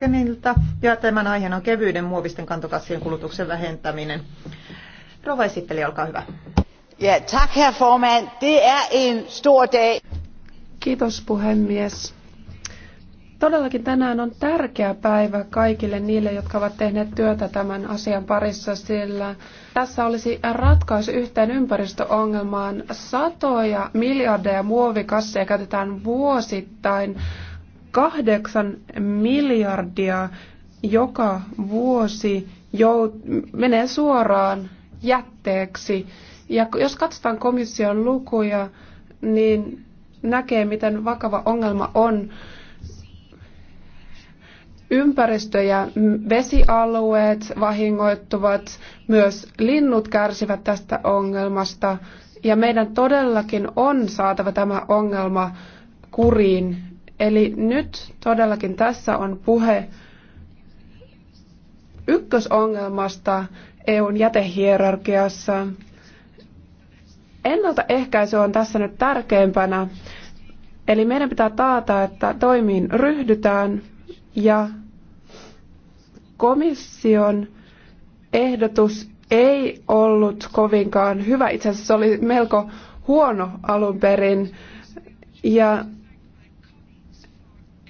Kenilta. ja tämän aiheena on kevyyden muovisten kantokassien kulutuksen vähentäminen. Rova esitteli, olkaa hyvä. Ja, tack herr forman. Det är er en stor dag. Kiitos puhemies. Todellakin tänään on tärkeä päivä kaikille niille, jotka ovat tehneet työtä tämän asian parissa, sillä tässä olisi ratkaisu yhteen ympäristöongelmaan. Satoja miljardeja muovikasseja käytetään vuosittain kahdeksan miljardia joka vuosi jout- menee suoraan jätteeksi. Ja jos katsotaan komission lukuja, niin näkee, miten vakava ongelma on ympäristö- ja vesialueet vahingoittuvat, myös linnut kärsivät tästä ongelmasta ja meidän todellakin on saatava tämä ongelma kuriin. Eli nyt todellakin tässä on puhe ykkösongelmasta EUn jätehierarkiassa. Ennaltaehkäisy on tässä nyt tärkeimpänä. Eli meidän pitää taata, että toimiin ryhdytään ja komission ehdotus ei ollut kovinkaan hyvä. Itse asiassa se oli melko huono alun perin. Ja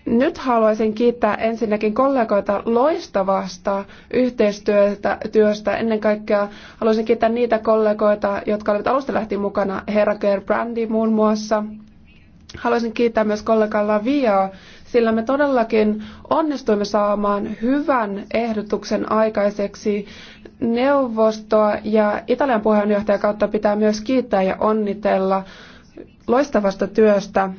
nyt haluaisin kiittää ensinnäkin kollegoita loistavasta yhteistyöstä. Työstä. Ennen kaikkea haluaisin kiittää niitä kollegoita, jotka olivat alusta lähtien mukana, Herra Gerbrandi muun muassa. Haluaisin kiittää myös kollega Laviaa, sillä me todellakin onnistuimme saamaan hyvän ehdotuksen aikaiseksi. Neuvostoa ja Italian puheenjohtajan kautta pitää myös kiittää ja onnitella loistavasta työstä.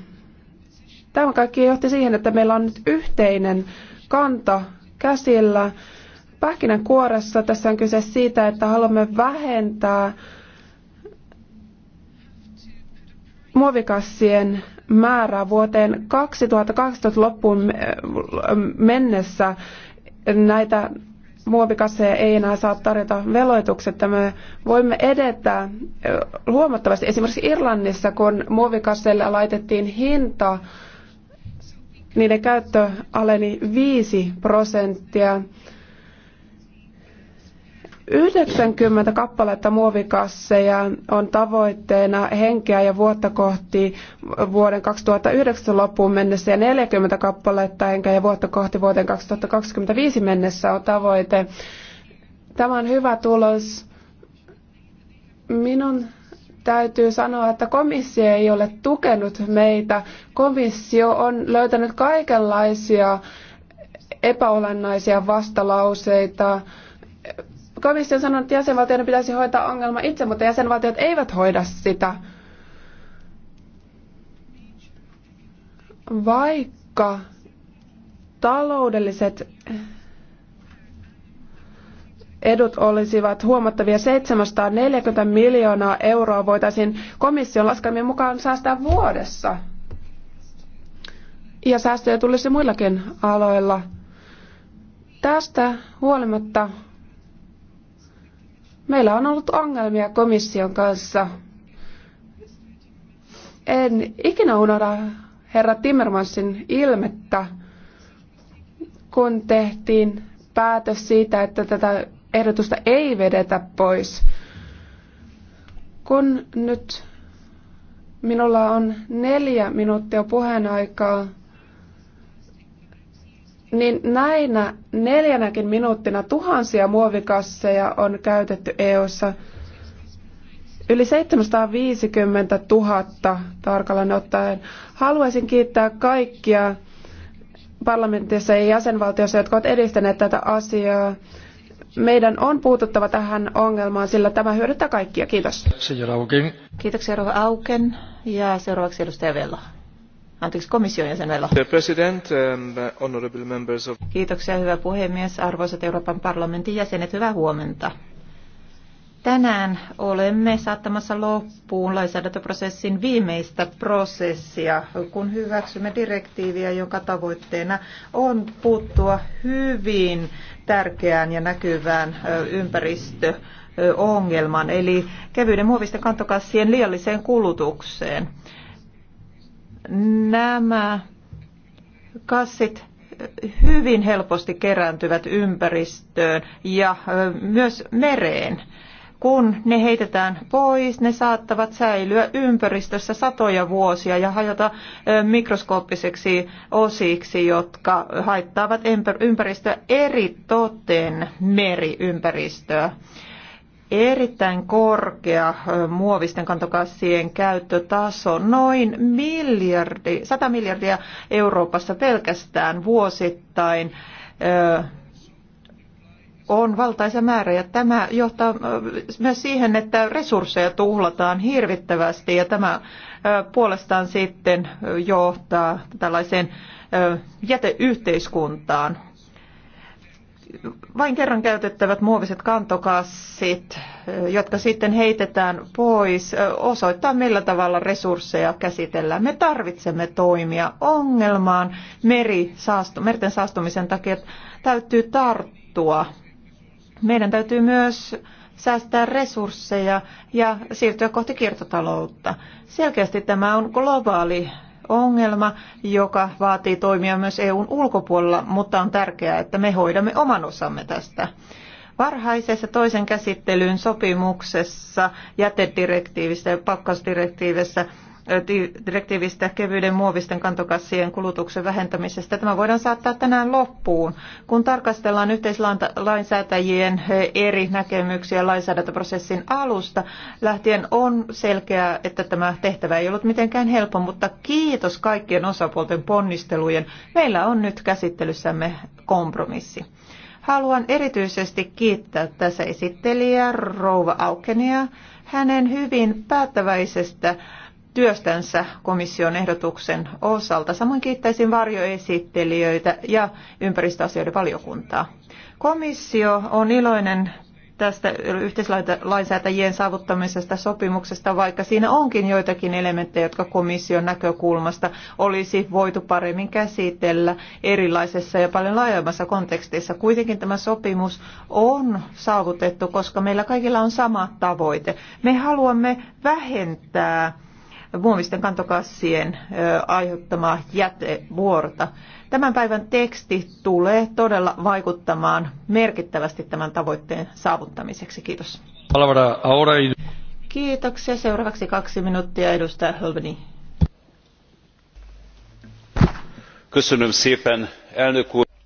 Tämä kaikki johti siihen, että meillä on nyt yhteinen kanta käsillä. kuoressa tässä on kyse siitä, että haluamme vähentää muovikassien määrää vuoteen 2020 loppuun eh, mennessä. Näitä muovikasseja ei enää saa tarjota että Me voimme edetä eh, huomattavasti. Esimerkiksi Irlannissa, kun muovikasseille laitettiin hinta, niiden käyttö aleni 5 prosenttia. 90 kappaletta muovikasseja on tavoitteena henkeä ja vuotta kohti vuoden 2009 loppuun mennessä ja 40 kappaletta henkeä ja vuotta kohti vuoden 2025 mennessä on tavoite. Tämä on hyvä tulos. Minun täytyy sanoa, että komissio ei ole tukenut meitä. Komissio on löytänyt kaikenlaisia epäolennaisia vastalauseita. Komissio on sanonut, että jäsenvaltioiden pitäisi hoitaa ongelma itse, mutta jäsenvaltiot eivät hoida sitä. Vaikka taloudelliset edut olisivat huomattavia. 740 miljoonaa euroa voitaisiin komission laskelmien mukaan säästää vuodessa. Ja säästöjä tulisi muillakin aloilla. Tästä huolimatta meillä on ollut ongelmia komission kanssa. En ikinä unohda herra Timmermansin ilmettä, kun tehtiin päätös siitä, että tätä ehdotusta ei vedetä pois. Kun nyt minulla on neljä minuuttia puheenaikaa, niin näinä neljänäkin minuuttina tuhansia muovikasseja on käytetty EU:ssa. Yli 750 000 tarkalleen ottaen. Haluaisin kiittää kaikkia parlamentissa ja jäsenvaltioissa, jotka ovat edistäneet tätä asiaa. Meidän on puututtava tähän ongelmaan, sillä tämä hyödyttää kaikkia. Kiitos. Kiitoksia, Rova Auken. Ja seuraavaksi edustaja Vella. Anteeksi, komission jäsen Vella. President, um, members of... Kiitoksia, hyvä puhemies, arvoisat Euroopan parlamentin jäsenet, hyvää huomenta. Tänään olemme saattamassa loppuun lainsäädäntöprosessin viimeistä prosessia, kun hyväksymme direktiiviä, jonka tavoitteena on puuttua hyvin tärkeään ja näkyvään ympäristöongelman, eli kevyiden muovisten kantokassien liialliseen kulutukseen. Nämä kassit hyvin helposti kerääntyvät ympäristöön ja myös mereen. Kun ne heitetään pois, ne saattavat säilyä ympäristössä satoja vuosia ja hajota mikroskooppiseksi osiksi, jotka haittaavat ympäristöä eri toten meriympäristöä. Erittäin korkea muovisten kantokassien käyttötaso, noin miljardi, 100 miljardia Euroopassa pelkästään vuosittain on valtaisa määrä ja tämä johtaa myös siihen, että resursseja tuhlataan hirvittävästi ja tämä puolestaan sitten johtaa tällaiseen jäteyhteiskuntaan. Vain kerran käytettävät muoviset kantokassit, jotka sitten heitetään pois, osoittaa millä tavalla resursseja käsitellään. Me tarvitsemme toimia ongelmaan. Meri saastu, merten saastumisen takia täytyy tarttua meidän täytyy myös säästää resursseja ja siirtyä kohti kiertotaloutta. Selkeästi tämä on globaali ongelma, joka vaatii toimia myös EUn ulkopuolella, mutta on tärkeää, että me hoidamme oman osamme tästä. Varhaisessa toisen käsittelyn sopimuksessa, jätedirektiivissä ja pakkausdirektiivissä direktiivistä kevyiden muovisten kantokassien kulutuksen vähentämisestä. Tämä voidaan saattaa tänään loppuun. Kun tarkastellaan yhteislainsäätäjien eri näkemyksiä lainsäädäntöprosessin alusta lähtien, on selkeää, että tämä tehtävä ei ollut mitenkään helppo, mutta kiitos kaikkien osapuolten ponnistelujen. Meillä on nyt käsittelyssämme kompromissi. Haluan erityisesti kiittää tässä esittelijää Rouva Aukenia hänen hyvin päättäväisestä työstänsä komission ehdotuksen osalta. Samoin kiittäisin varjoesittelijöitä ja ympäristöasioiden valiokuntaa. Komissio on iloinen tästä yhteislainsäätäjien saavuttamisesta sopimuksesta, vaikka siinä onkin joitakin elementtejä, jotka komission näkökulmasta olisi voitu paremmin käsitellä erilaisessa ja paljon laajemmassa kontekstissa. Kuitenkin tämä sopimus on saavutettu, koska meillä kaikilla on sama tavoite. Me haluamme vähentää muovisten kantokassien aiheuttamaa jätevuorta. Tämän päivän teksti tulee todella vaikuttamaan merkittävästi tämän tavoitteen saavuttamiseksi. Kiitos. Kiitoksia. Seuraavaksi kaksi minuuttia edustaja Hölveni.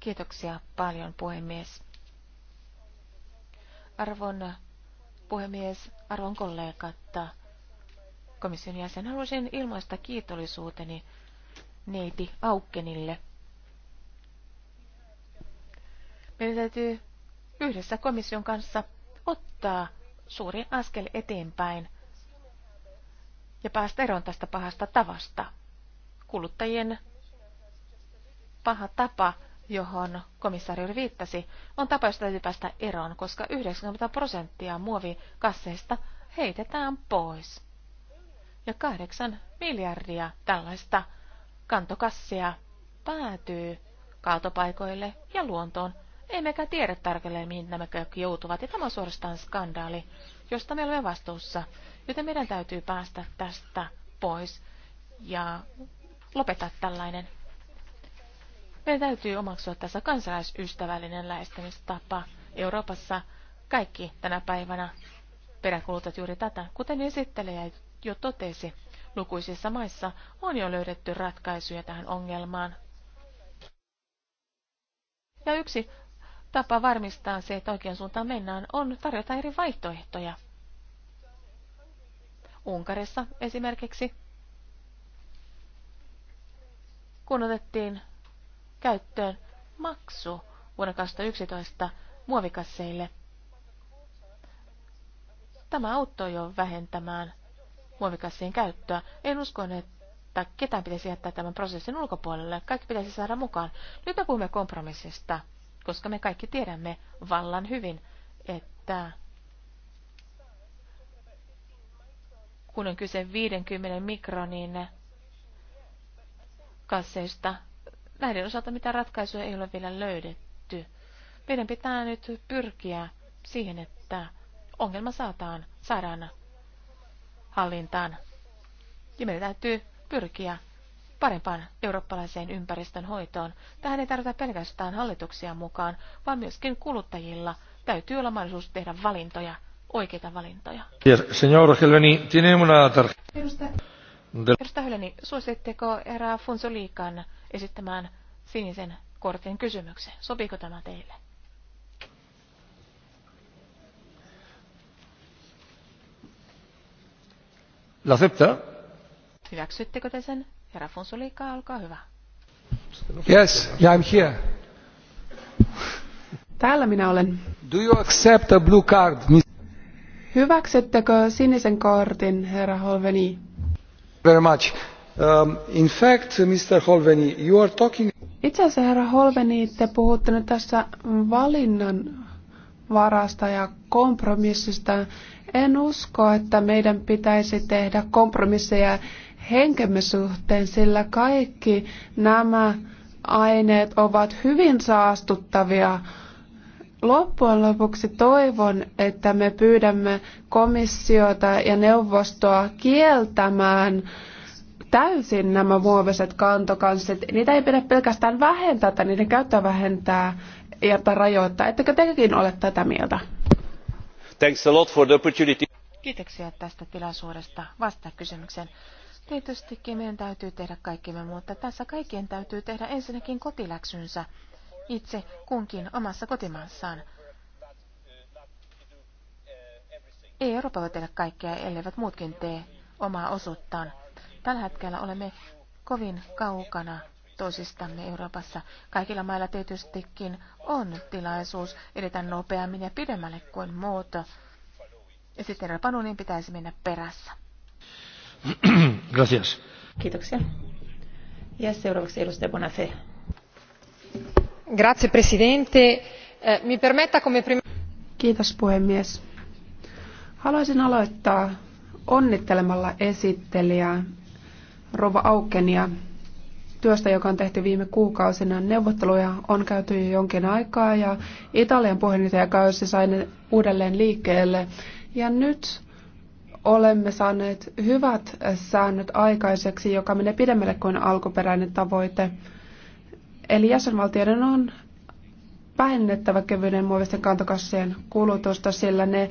Kiitoksia paljon puhemies. Arvon puhemies, arvon kollegat, komission jäsen. Haluaisin ilmaista kiitollisuuteni neiti Aukkenille. Meidän täytyy yhdessä komission kanssa ottaa suuri askel eteenpäin ja päästä eroon tästä pahasta tavasta. Kuluttajien paha tapa, johon komissaari viittasi, on tapa, josta täytyy päästä eroon, koska 90 prosenttia muovikasseista heitetään pois ja kahdeksan miljardia tällaista kantokassia päätyy kaatopaikoille ja luontoon. Emmekä tiedä tarkalleen, mihin nämä kaikki joutuvat, ja tämä on suorastaan skandaali, josta me olemme vastuussa, joten meidän täytyy päästä tästä pois ja lopettaa tällainen. Meidän täytyy omaksua tässä kansalaisystävällinen lähestymistapa. Euroopassa kaikki tänä päivänä peräkulutat juuri tätä, kuten esittelijä jo totesi, lukuisissa maissa on jo löydetty ratkaisuja tähän ongelmaan. Ja yksi tapa varmistaa se, että oikean suuntaan mennään, on tarjota eri vaihtoehtoja. Unkarissa esimerkiksi, kun otettiin käyttöön maksu vuonna 2011 muovikasseille, tämä auttoi jo vähentämään muovikassien käyttöä. En usko, että ketään pitäisi jättää tämän prosessin ulkopuolelle. Kaikki pitäisi saada mukaan. Nyt me puhumme kompromissista, koska me kaikki tiedämme vallan hyvin, että kun on kyse 50 mikronin kasseista, näiden osalta mitä ratkaisuja ei ole vielä löydetty. Meidän pitää nyt pyrkiä siihen, että ongelma saataan, saadaan hallintaan. Ja meidän täytyy pyrkiä parempaan eurooppalaiseen ympäristön hoitoon. Tähän ei tarvita pelkästään hallituksia mukaan, vaan myöskin kuluttajilla täytyy olla mahdollisuus tehdä valintoja, oikeita valintoja. Señor Helveni, Edustaja Helveni, suositteko erää Funsoliikan esittämään sinisen kortin kysymyksen? Sopiiko tämä teille? L'accepta? Hyväksyttekö te sen? Herra Fonsulika, olkaa hyvä. Yes, yeah, I'm here. Täällä minä olen. Do you accept a blue card, Miss? Hyväksyttekö sinisen kortin, herra Holveni? Very much. Um, in fact, Mr. Holveni, you are talking... Itse asiassa, herra Holveni, te puhutte nyt tässä valinnan varasta ja kompromissista. En usko, että meidän pitäisi tehdä kompromisseja henkemme suhteen, sillä kaikki nämä aineet ovat hyvin saastuttavia. Loppujen lopuksi toivon, että me pyydämme komissiota ja neuvostoa kieltämään täysin nämä muoviset kantokanssit. Niitä ei pidä pelkästään vähentää tai niiden käyttöä vähentää, ERTA rajoittaa. Ettekö tekin ole tätä mieltä? Thanks a lot for the opportunity. Kiitoksia tästä tilaisuudesta vastata kysymykseen. Tietystikin meidän täytyy tehdä kaikkemme, mutta tässä kaikkien täytyy tehdä ensinnäkin kotiläksynsä itse kunkin omassa kotimaassaan. Ei Eurooppa voi tehdä kaikkea, elleivät muutkin tee omaa osuuttaan. Tällä hetkellä olemme kovin kaukana toisistamme Euroopassa. Kaikilla mailla tietystikin on tilaisuus edetä nopeammin ja pidemmälle kuin muut. Ja sitten Panunin pitäisi mennä perässä. Gracias. Kiitoksia. Ja seuraavaksi edustaja Bonafé. Grazie presidente. Eh, mi permetta come prima... Kiitos puhemies. Haluaisin aloittaa onnittelemalla esittelijää Rova Aukenia työstä, joka on tehty viime kuukausina. Neuvotteluja on käyty jo jonkin aikaa ja Italian puheenjohtajakausi sai ne uudelleen liikkeelle. Ja nyt olemme saaneet hyvät säännöt aikaiseksi, joka menee pidemmälle kuin alkuperäinen tavoite. Eli jäsenvaltioiden on vähennettävä kevyiden muovisten kantokassien kulutusta, sillä ne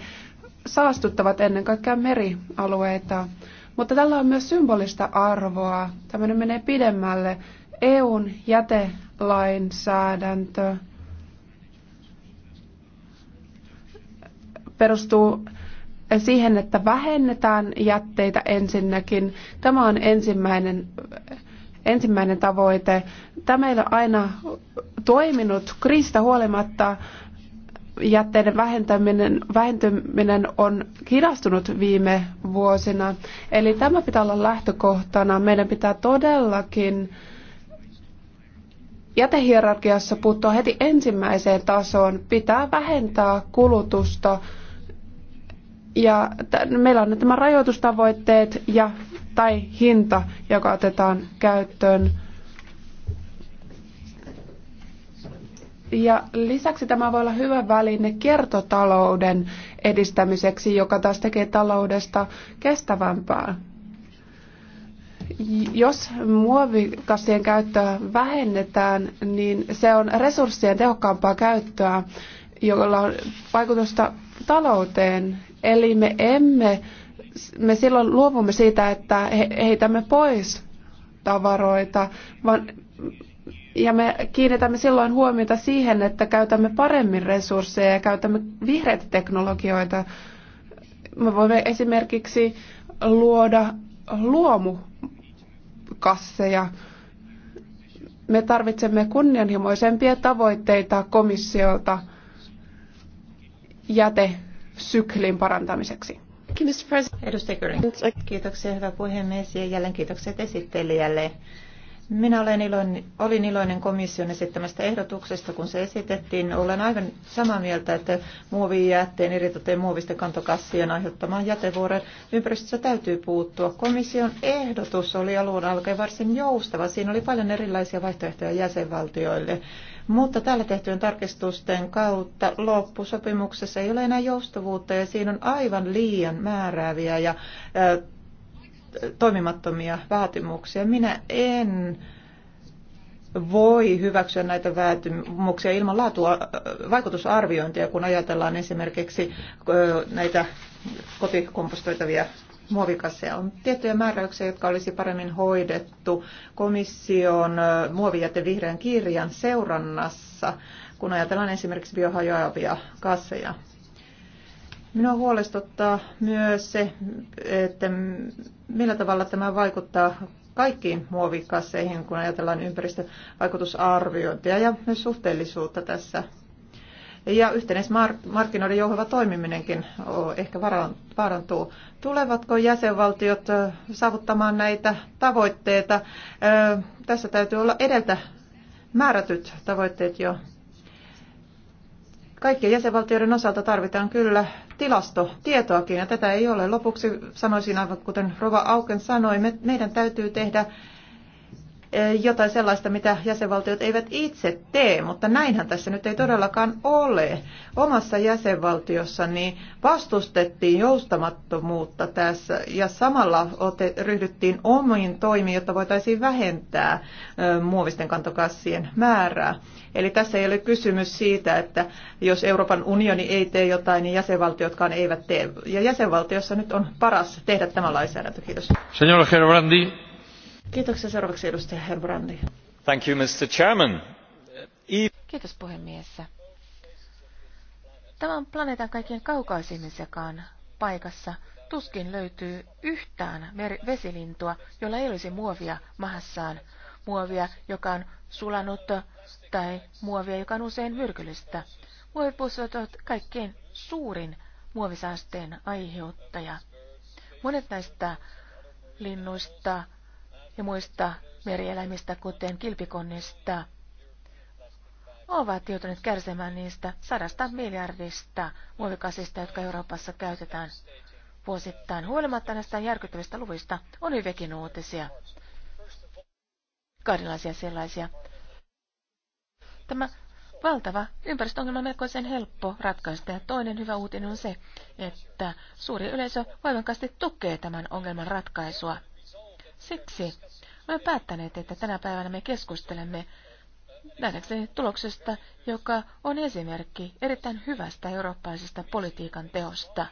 saastuttavat ennen kaikkea merialueita. Mutta tällä on myös symbolista arvoa. Tämmöinen menee pidemmälle. EUn jätelainsäädäntö perustuu siihen, että vähennetään jätteitä ensinnäkin. Tämä on ensimmäinen, ensimmäinen tavoite. Tämä ei ole aina toiminut kriisistä huolimatta jätteiden vähentäminen, vähentyminen on hidastunut viime vuosina. Eli tämä pitää olla lähtökohtana. Meidän pitää todellakin jätehierarkiassa puuttua heti ensimmäiseen tasoon. Pitää vähentää kulutusta. Ja meillä on nämä rajoitustavoitteet ja, tai hinta, joka otetaan käyttöön. Ja lisäksi tämä voi olla hyvä väline kiertotalouden edistämiseksi, joka taas tekee taloudesta kestävämpää. Jos muovikassien käyttöä vähennetään, niin se on resurssien tehokkaampaa käyttöä, jolla on vaikutusta talouteen. Eli me emme, me silloin luovumme siitä, että heitämme pois tavaroita, vaan ja me kiinnitämme silloin huomiota siihen, että käytämme paremmin resursseja ja käytämme vihreitä teknologioita. Me voimme esimerkiksi luoda luomukasseja. Me tarvitsemme kunnianhimoisempia tavoitteita komissiolta jätesyklin parantamiseksi. Edustaja Kiitoksia, hyvä puhemies, ja jälleen kiitokset esittelijälle. Minä olen iloinen, olin iloinen komission esittämästä ehdotuksesta, kun se esitettiin. Olen aivan samaa mieltä, että muovijätteen, eritoten muovisten kantokassien aiheuttamaan jätevuoren ympäristössä täytyy puuttua. Komission ehdotus oli alun alkaen varsin joustava. Siinä oli paljon erilaisia vaihtoehtoja jäsenvaltioille. Mutta täällä tehtyjen tarkistusten kautta loppusopimuksessa ei ole enää joustavuutta ja siinä on aivan liian määrääviä ja toimimattomia vaatimuksia. Minä en voi hyväksyä näitä vaatimuksia ilman laatua, vaikutusarviointia, kun ajatellaan esimerkiksi näitä kotikompostoitavia muovikasseja. On tiettyjä määräyksiä, jotka olisi paremmin hoidettu komission muovijäte vihreän kirjan seurannassa, kun ajatellaan esimerkiksi biohajoavia kasseja. Minua huolestuttaa myös se, että millä tavalla tämä vaikuttaa kaikkiin muovikasseihin, kun ajatellaan ympäristövaikutusarviointia ja myös suhteellisuutta tässä. Ja yhteismarkkinoiden johdava toimiminenkin ehkä vaarantuu. Tulevatko jäsenvaltiot saavuttamaan näitä tavoitteita? Tässä täytyy olla edeltä määrätyt tavoitteet jo Kaikkien jäsenvaltioiden osalta tarvitaan kyllä tilastotietoakin, ja tätä ei ole. Lopuksi sanoisin aivan kuten Rova Auken sanoi, me, meidän täytyy tehdä jotain sellaista, mitä jäsenvaltiot eivät itse tee, mutta näinhän tässä nyt ei todellakaan ole. Omassa jäsenvaltiossa. Niin vastustettiin joustamattomuutta tässä ja samalla ote, ryhdyttiin omiin toimiin, jotta voitaisiin vähentää muovisten kantokassien määrää. Eli tässä ei ole kysymys siitä, että jos Euroopan unioni ei tee jotain, niin jäsenvaltiotkaan eivät tee. Ja jäsenvaltiossa nyt on paras tehdä tämä lainsäädäntö. Kiitos. Señor Gerbrandi, Kiitoksia seuraavaksi edustaja Herbrandi. Thank you, Mr. Chairman. E- Kiitos puhemies. Tämän planeetan kaikkien kaukaisimmissakaan paikassa tuskin löytyy yhtään vesilintua, jolla ei olisi muovia mahassaan. Muovia, joka on sulanut, tai muovia, joka on usein myrkyllistä. Muovipussit ovat kaikkein suurin muovisaasteen aiheuttaja. Monet näistä linnuista ja muista merieläimistä, kuten kilpikonnista, ovat joutuneet kärsimään niistä sadasta miljardista muovikasista, jotka Euroopassa käytetään vuosittain. Huolimatta näistä järkyttävistä luvista on hyvinkin uutisia, kahdenlaisia sellaisia. Tämä valtava ympäristöongelma on melkoisen helppo ratkaista. Ja toinen hyvä uutinen on se, että suuri yleisö voimakkaasti tukee tämän ongelman ratkaisua. Siksi olemme päättäneet, että tänä päivänä me keskustelemme nähdäkseni tuloksesta, joka on esimerkki erittäin hyvästä eurooppalaisesta politiikan teosta.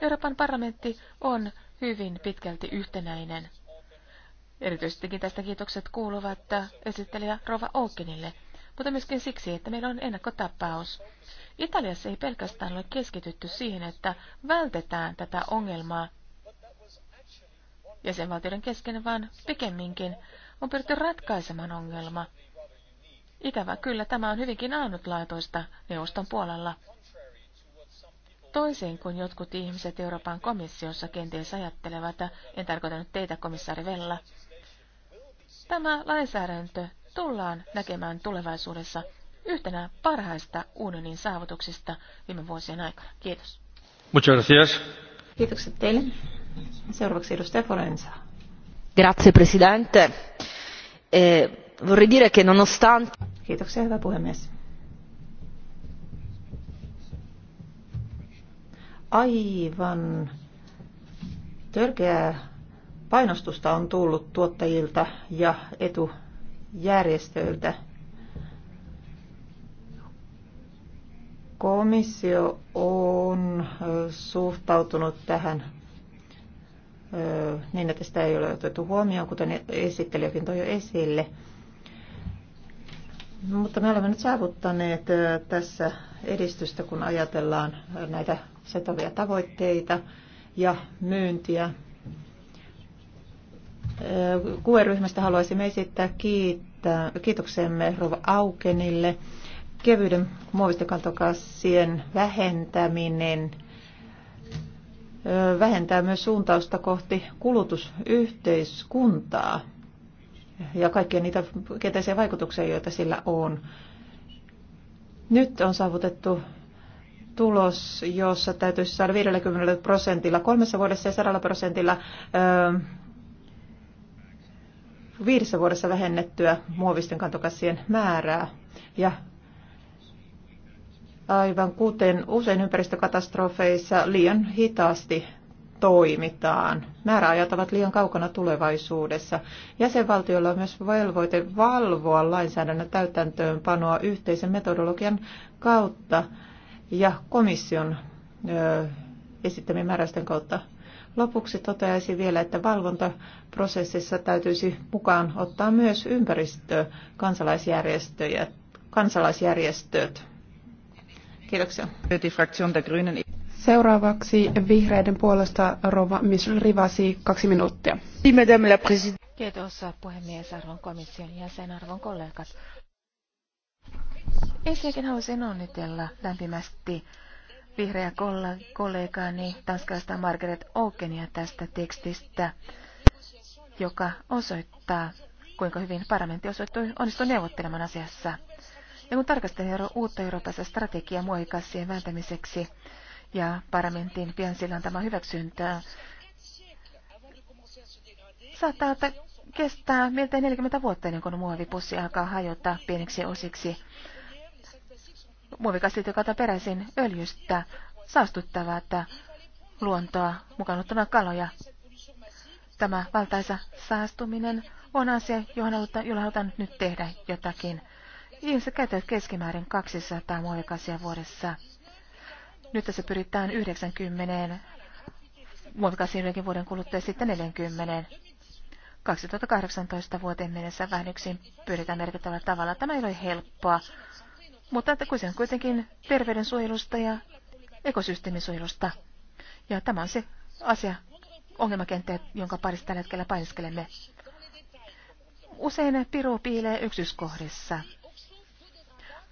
Euroopan parlamentti on hyvin pitkälti yhtenäinen. Erityisestikin tästä kiitokset kuuluvat esittelijä Rova Oukinille, mutta myöskin siksi, että meillä on ennakkotapaus. Italiassa ei pelkästään ole keskitytty siihen, että vältetään tätä ongelmaa, jäsenvaltioiden kesken, vaan pikemminkin on pyritty ratkaisemaan ongelma. Ikävä kyllä, tämä on hyvinkin ainutlaatuista neuvoston puolella. Toisin kuin jotkut ihmiset Euroopan komissiossa kenties ajattelevat, en tarkoita nyt teitä, komissaari Vella, tämä lainsäädäntö tullaan näkemään tulevaisuudessa yhtenä parhaista unionin saavutuksista viime vuosien aikana. Kiitos. Muchas gracias. Kiitokset teille. Seuraavaksi edustaja Forenza. Grazie presidente. Eh, vorrei dire che nonostante... Kiitoksia, hyvä puhemies. Aivan törkeää painostusta on tullut tuottajilta ja etujärjestöiltä. Komissio on suhtautunut tähän niin, että sitä ei ole otettu huomioon, kuten esittelijäkin toi jo esille. Mutta me olemme nyt saavuttaneet tässä edistystä, kun ajatellaan näitä setovia tavoitteita ja myyntiä. QE-ryhmästä haluaisimme esittää kiittää, kiitoksemme Rova Aukenille. Kevyyden muovistokantokassien vähentäminen – vähentää myös suuntausta kohti kulutusyhteiskuntaa ja kaikkia niitä kielteisiä vaikutuksia, joita sillä on. Nyt on saavutettu tulos, jossa täytyisi saada 50 prosentilla kolmessa vuodessa ja 100 prosentilla ö, viidessä vuodessa vähennettyä muovisten kantokassien määrää. Ja aivan kuten usein ympäristökatastrofeissa, liian hitaasti toimitaan. Määräajat ovat liian kaukana tulevaisuudessa. Jäsenvaltioilla on myös velvoite valvoa lainsäädännön täytäntöönpanoa yhteisen metodologian kautta ja komission ö, esittämien määräysten kautta. Lopuksi toteaisin vielä, että valvontaprosessissa täytyisi mukaan ottaa myös ympäristö, kansalaisjärjestöjä, kansalaisjärjestöt Kiitoksia. Seuraavaksi vihreiden puolesta Rova Michel Rivasi, kaksi minuuttia. Kiitos puhemies, arvon komission jäsen, arvon kollegat. Ensinnäkin haluaisin onnitella lämpimästi vihreä kollegaani tanskalaista Margaret Aukenia tästä tekstistä, joka osoittaa, kuinka hyvin parlamentti osoittui onnistui neuvottelemaan asiassa. Ja kun tarkastellaan uutta Euroopassa strategiaa muovikassien vääntämiseksi ja parlamentin pian silloin tämä hyväksyntää, saattaa että kestää miltei 40 vuotta ennen kuin muovipussi alkaa hajota pieniksi osiksi. Muovikassit, joka on peräisin öljystä, saastuttavat luontoa, mukaan kaloja. Tämä valtaisa saastuminen on asia, johon halutaan, jolla halutaan nyt tehdä jotakin. Ihmiset käyttävät keskimäärin 200 muovikasia vuodessa. Nyt tässä pyritään 90 muovikasiin yhdenkin vuoden kuluttua sitten 40. 2018 vuoteen mennessä vähennyksiin pyritään merkittävällä tavalla. Tämä ei ole helppoa, mutta että kuitenkin kuitenkin terveydensuojelusta ja ekosysteemisuojelusta. Ja tämä on se asia, ongelmakenttä, jonka parissa tällä hetkellä painiskelemme. Usein piru piilee yksyskohdissa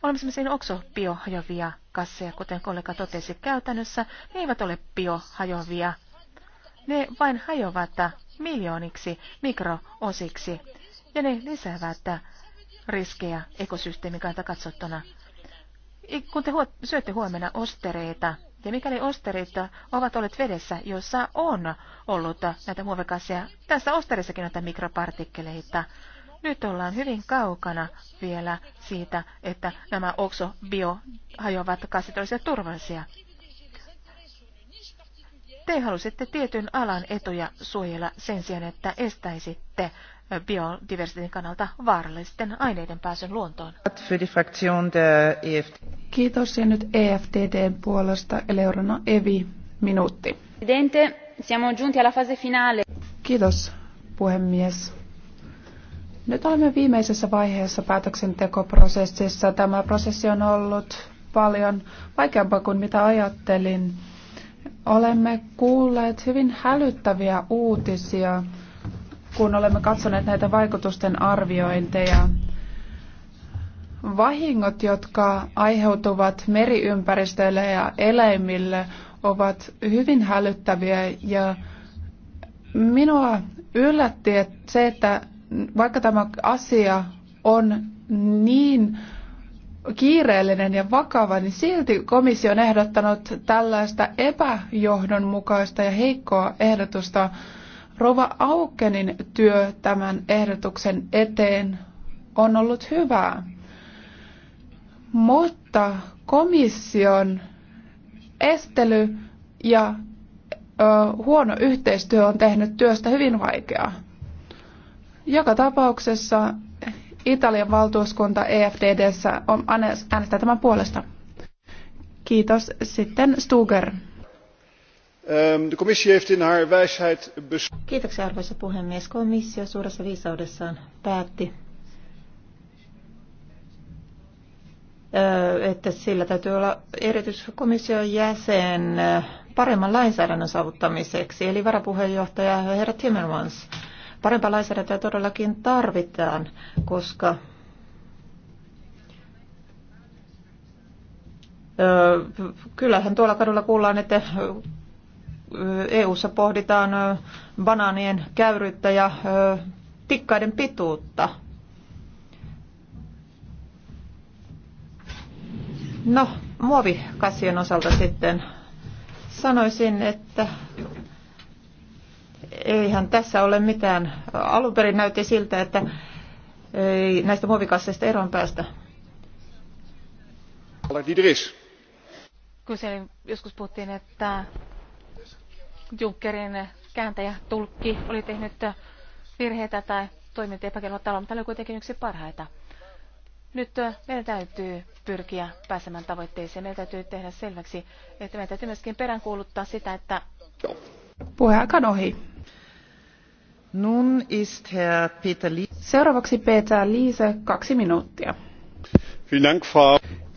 valmistamme okso biohajoavia kasseja, kuten kollega totesi käytännössä, ne eivät ole biohajovia. Ne vain hajoavat miljooniksi mikroosiksi ja ne lisäävät riskejä ekosysteemin kautta katsottuna. Kun te syötte huomenna ostereita, ja mikäli osterit ovat olleet vedessä, jossa on ollut näitä muovikasseja, tässä osterissakin näitä mikropartikkeleita, nyt ollaan hyvin kaukana vielä siitä, että nämä oksobio hajoavat kasvit olisivat turvallisia. Te halusitte tietyn alan etuja suojella sen sijaan, että estäisitte biodiversiteetin kannalta vaarallisten aineiden pääsyn luontoon. E Kiitos ja nyt EFTDn puolesta Eleonora Evi, minuutti. Presidente, siamo giunti alla fase finale. Kiitos, puhemies. Nyt olemme viimeisessä vaiheessa päätöksentekoprosessissa. Tämä prosessi on ollut paljon vaikeampaa kuin mitä ajattelin. Olemme kuulleet hyvin hälyttäviä uutisia, kun olemme katsoneet näitä vaikutusten arviointeja. Vahingot, jotka aiheutuvat meriympäristöille ja eläimille, ovat hyvin hälyttäviä ja minua yllätti että se, että vaikka tämä asia on niin kiireellinen ja vakava, niin silti komissio on ehdottanut tällaista epäjohdonmukaista ja heikkoa ehdotusta. Rova Aukenin työ tämän ehdotuksen eteen on ollut hyvää. Mutta komission estely ja ö, huono yhteistyö on tehnyt työstä hyvin vaikeaa. Joka tapauksessa Italian valtuuskunta EFDDssä on äänestää tämän puolesta. Kiitos. Sitten Stuger. Ähm, Kiitoksia arvoisa puhemies. Komissio suuressa viisaudessaan päätti, että sillä täytyy olla erityiskomission jäsen paremman lainsäädännön saavuttamiseksi, eli varapuheenjohtaja herra Timmermans Parempaa lainsäädäntöä todellakin tarvitaan, koska kyllähän tuolla kadulla kuullaan, että EU-ssa pohditaan banaanien käyryyttä ja tikkaiden pituutta. No, muovikasien osalta sitten sanoisin, että eihän tässä ole mitään. Alun perin näytti siltä, että ei näistä muovikasseista eroon päästä. Kun siellä joskus puhuttiin, että Junckerin kääntäjä tulkki oli tehnyt virheitä tai toiminut epäkelvolla tavalla, mutta oli kuitenkin yksi parhaita. Nyt meidän täytyy pyrkiä pääsemään tavoitteeseen. Meidän täytyy tehdä selväksi, että meidän täytyy myöskin peräänkuuluttaa sitä, että... Puheaika ohi. Nun ist Herr Peter Liese. Seuraavaksi Peter Liise, kaksi minuuttia.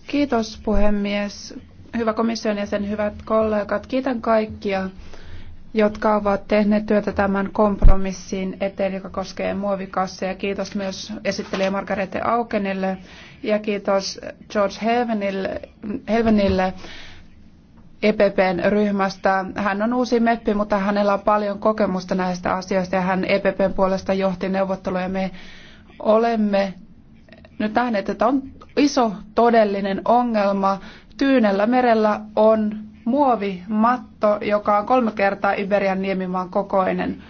Kiitos puhemies. Hyvä komission jäsen, hyvät kollegat. Kiitän kaikkia, jotka ovat tehneet työtä tämän kompromissin eteen, joka koskee muovikasseja. Kiitos myös esittelijä Margarete Aukenille ja kiitos George Helvenille, Helvenille EPPn ryhmästä. Hän on uusi meppi, mutta hänellä on paljon kokemusta näistä asioista ja hän EPPn puolesta johti neuvotteluja. Me olemme nyt nähneet, että on iso todellinen ongelma. Tyynellä merellä on muovimatto, joka on kolme kertaa Iberian niemimaan kokoinen.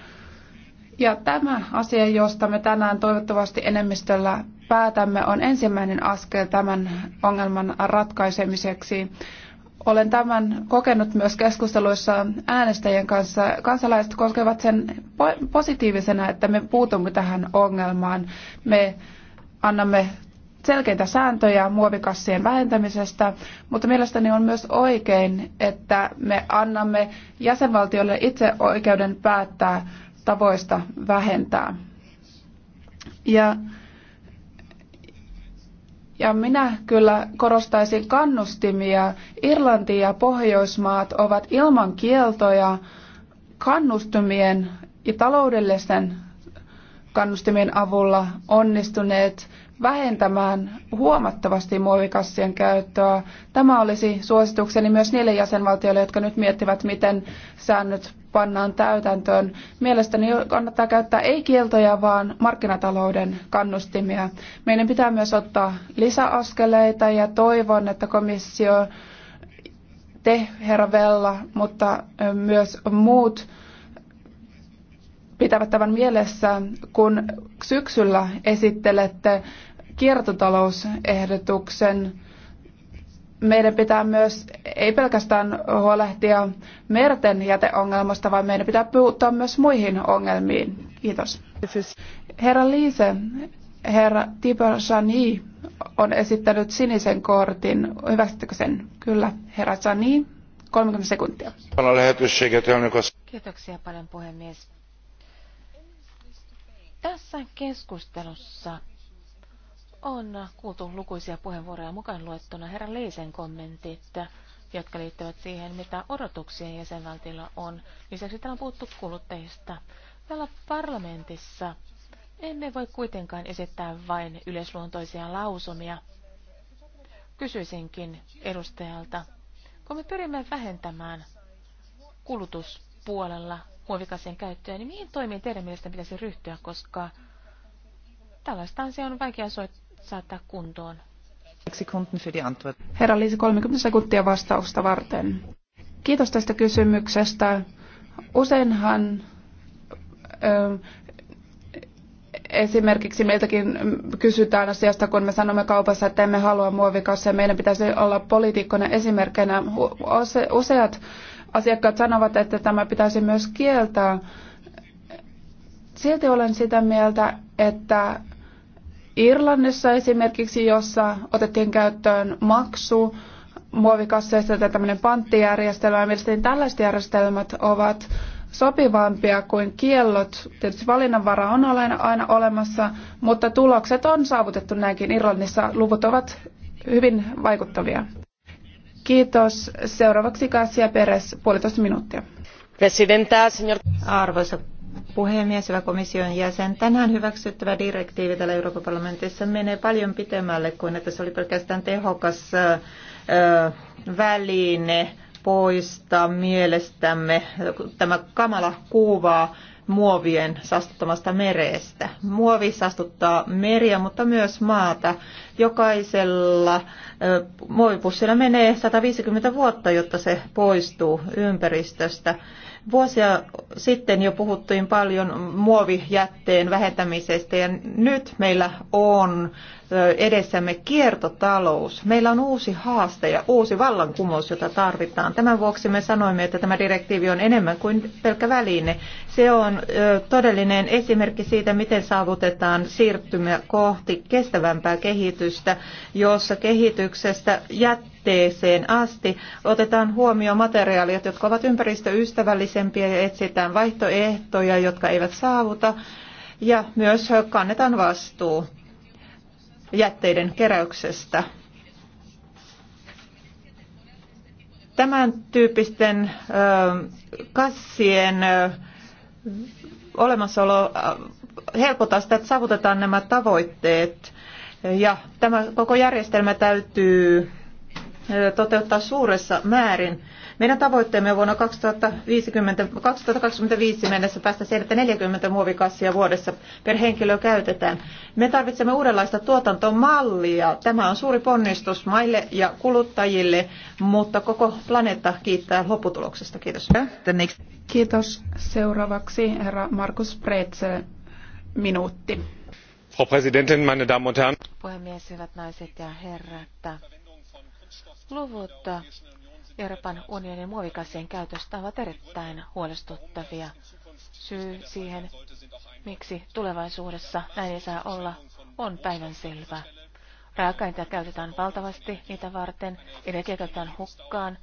Ja tämä asia, josta me tänään toivottavasti enemmistöllä päätämme, on ensimmäinen askel tämän ongelman ratkaisemiseksi. Olen tämän kokenut myös keskusteluissa äänestäjien kanssa. Kansalaiset kokevat sen positiivisena, että me puutumme tähän ongelmaan. Me annamme selkeitä sääntöjä muovikassien vähentämisestä, mutta mielestäni on myös oikein, että me annamme jäsenvaltioille itse oikeuden päättää tavoista vähentää. Ja ja minä kyllä korostaisin kannustimia. Irlanti ja Pohjoismaat ovat ilman kieltoja kannustumien ja taloudellisten kannustimien avulla onnistuneet vähentämään huomattavasti muovikassien käyttöä. Tämä olisi suositukseni myös niille jäsenvaltioille, jotka nyt miettivät, miten säännöt pannaan täytäntöön. Mielestäni kannattaa käyttää ei kieltoja, vaan markkinatalouden kannustimia. Meidän pitää myös ottaa lisäaskeleita ja toivon, että komissio, te herra Vella, mutta myös muut pitävät tämän mielessä, kun syksyllä esittelette kiertotalousehdotuksen. Meidän pitää myös ei pelkästään huolehtia merten jäteongelmasta, vaan meidän pitää puuttua myös muihin ongelmiin. Kiitos. Herra Liise, herra Tibor Chani on esittänyt sinisen kortin. Hyväksyttekö sen? Kyllä, herra Chani. 30 sekuntia. Kiitoksia paljon puhemies. Tässä keskustelussa on kuultu lukuisia puheenvuoroja mukaan luettuna herra Leisen kommentit, jotka liittyvät siihen, mitä odotuksia jäsenvaltiolla on. Lisäksi täällä on puhuttu kuluttajista. Täällä parlamentissa emme voi kuitenkaan esittää vain yleisluontoisia lausumia. Kysyisinkin edustajalta, kun me pyrimme vähentämään kulutuspuolella muovikasien käyttöä, niin mihin toimiin teidän mielestä pitäisi ryhtyä, koska tällaista asiaa on vaikea soittaa saattaa kuntoon. Herra Liisi, 30 sekuntia vastausta varten. Kiitos tästä kysymyksestä. Useinhan ö, ähm, esimerkiksi meiltäkin kysytään asiasta, kun me sanomme kaupassa, että emme halua ja Meidän pitäisi olla poliitikkona esimerkkinä. Useat asiakkaat sanovat, että tämä pitäisi myös kieltää. Silti olen sitä mieltä, että Irlannissa esimerkiksi, jossa otettiin käyttöön maksu muovikasseista tai tämmöinen panttijärjestelmä. Mielestäni tällaiset järjestelmät ovat sopivampia kuin kiellot. Tietysti valinnanvara on aina olemassa, mutta tulokset on saavutettu näinkin. Irlannissa luvut ovat hyvin vaikuttavia. Kiitos. Seuraavaksi Kassia Peres, puolitoista minuuttia. Presidenta, señor... Arvoisa puhemies, hyvä komission jäsen. Tänään hyväksyttävä direktiivi täällä Euroopan parlamentissa menee paljon pitemmälle kuin että se oli pelkästään tehokas ö, väline poistaa mielestämme tämä kamala kuva muovien saastuttamasta merestä. Muovi saastuttaa meriä, mutta myös maata. Jokaisella muovipussilla menee 150 vuotta, jotta se poistuu ympäristöstä. Vuosia sitten jo puhuttiin paljon muovijätteen vähentämisestä ja nyt meillä on edessämme kiertotalous. Meillä on uusi haaste ja uusi vallankumous, jota tarvitaan. Tämän vuoksi me sanoimme, että tämä direktiivi on enemmän kuin pelkkä väline. Se on todellinen esimerkki siitä, miten saavutetaan siirtymä kohti kestävämpää kehitystä, jossa kehityksestä jätteet pisteeseen asti. Otetaan huomioon materiaalit, jotka ovat ympäristöystävällisempiä ja etsitään vaihtoehtoja, jotka eivät saavuta ja myös kannetaan vastuu jätteiden keräyksestä. Tämän tyyppisten kassien olemassaolo helpottaa sitä, että saavutetaan nämä tavoitteet. Ja tämä koko järjestelmä täytyy toteuttaa suuressa määrin. Meidän tavoitteemme vuonna 2050, 2025 mennessä päästä siihen, että 40 muovikassia vuodessa per henkilö käytetään. Me tarvitsemme uudenlaista tuotantomallia. Tämä on suuri ponnistus maille ja kuluttajille, mutta koko planeetta kiittää lopputuloksesta. Kiitos. Kiitos. Seuraavaksi herra Markus Pretzel, minuutti. Frau Präsidentin, meine Damen und Herren. Puhemies, hyvät naiset ja herrat Luvut Euroopan unionin muovikasien käytöstä ovat erittäin huolestuttavia. Syy siihen, miksi tulevaisuudessa näin ei saa olla, on päivänselvä. Raaka-aineita käytetään valtavasti niitä varten, energia käytetään hukkaan,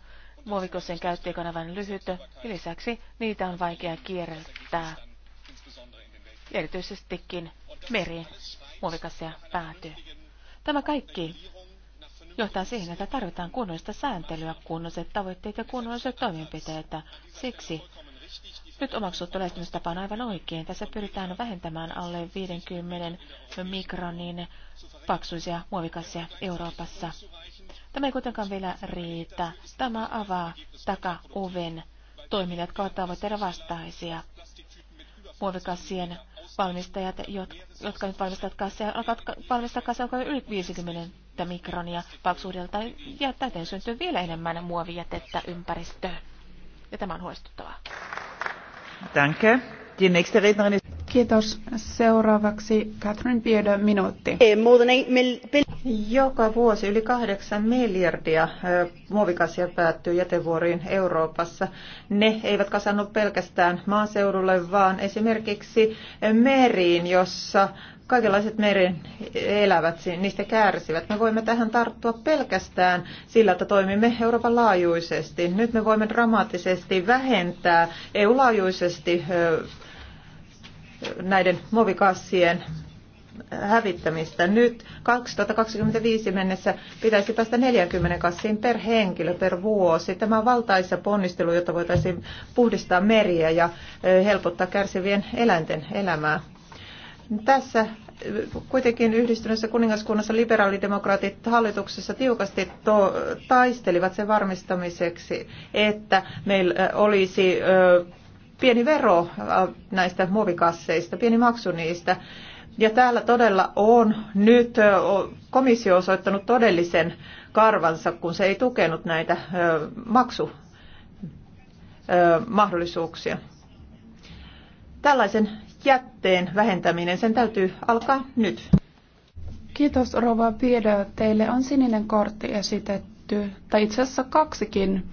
muovikossen käyttöikana vain lyhyt, ja lisäksi niitä on vaikea kierrättää. Erityisestikin meriin muovikasia päätyy. Tämä kaikki johtaa siihen, että tarvitaan kunnollista sääntelyä, kunnolliset tavoitteet ja kunnolliset toimenpiteet. Siksi nyt omaksuttu lähestymistapa on aivan oikein. Tässä pyritään vähentämään alle 50 mikronin paksuisia muovikasseja Euroopassa. Tämä ei kuitenkaan vielä riitä. Tämä avaa taka-oven toimille, jotka ovat tavoitteiden vastaisia muovikassien valmistajat, jotka nyt valmistavat kasseja, alkavat valmistaa kasseja, joka on yli 50 mikronia paksuudelta, ja täten syntyy vielä enemmän muovijätettä ympäristöön. Ja tämä on huolestuttavaa. Danke. Die nächste Rednerin ist... Kiitos. Seuraavaksi Catherine Biedö, minuutti. Joka vuosi yli kahdeksan miljardia muovikasia päättyy jätevuoriin Euroopassa. Ne eivät kasannu pelkästään maaseudulle, vaan esimerkiksi meriin, jossa kaikenlaiset meren elävät, niistä kärsivät. Me voimme tähän tarttua pelkästään sillä, että toimimme Euroopan laajuisesti. Nyt me voimme dramaattisesti vähentää EU-laajuisesti näiden muovikassien hävittämistä. Nyt 2025 mennessä pitäisi päästä 40 kassiin per henkilö per vuosi. Tämä on valtaisa ponnistelu, jota voitaisiin puhdistaa meriä ja helpottaa kärsivien eläinten elämää. Tässä kuitenkin yhdistyneessä kuningaskunnassa liberaalidemokraatit hallituksessa tiukasti to- taistelivat sen varmistamiseksi, että meillä olisi ö, pieni vero äh, näistä muovikasseista, pieni maksu niistä. Ja täällä todella on nyt komissio osoittanut todellisen karvansa, kun se ei tukenut näitä maksumahdollisuuksia. Tällaisen jätteen vähentäminen, sen täytyy alkaa nyt. Kiitos Rova Piedä. Teille on sininen kortti esitetty, tai itse asiassa kaksikin.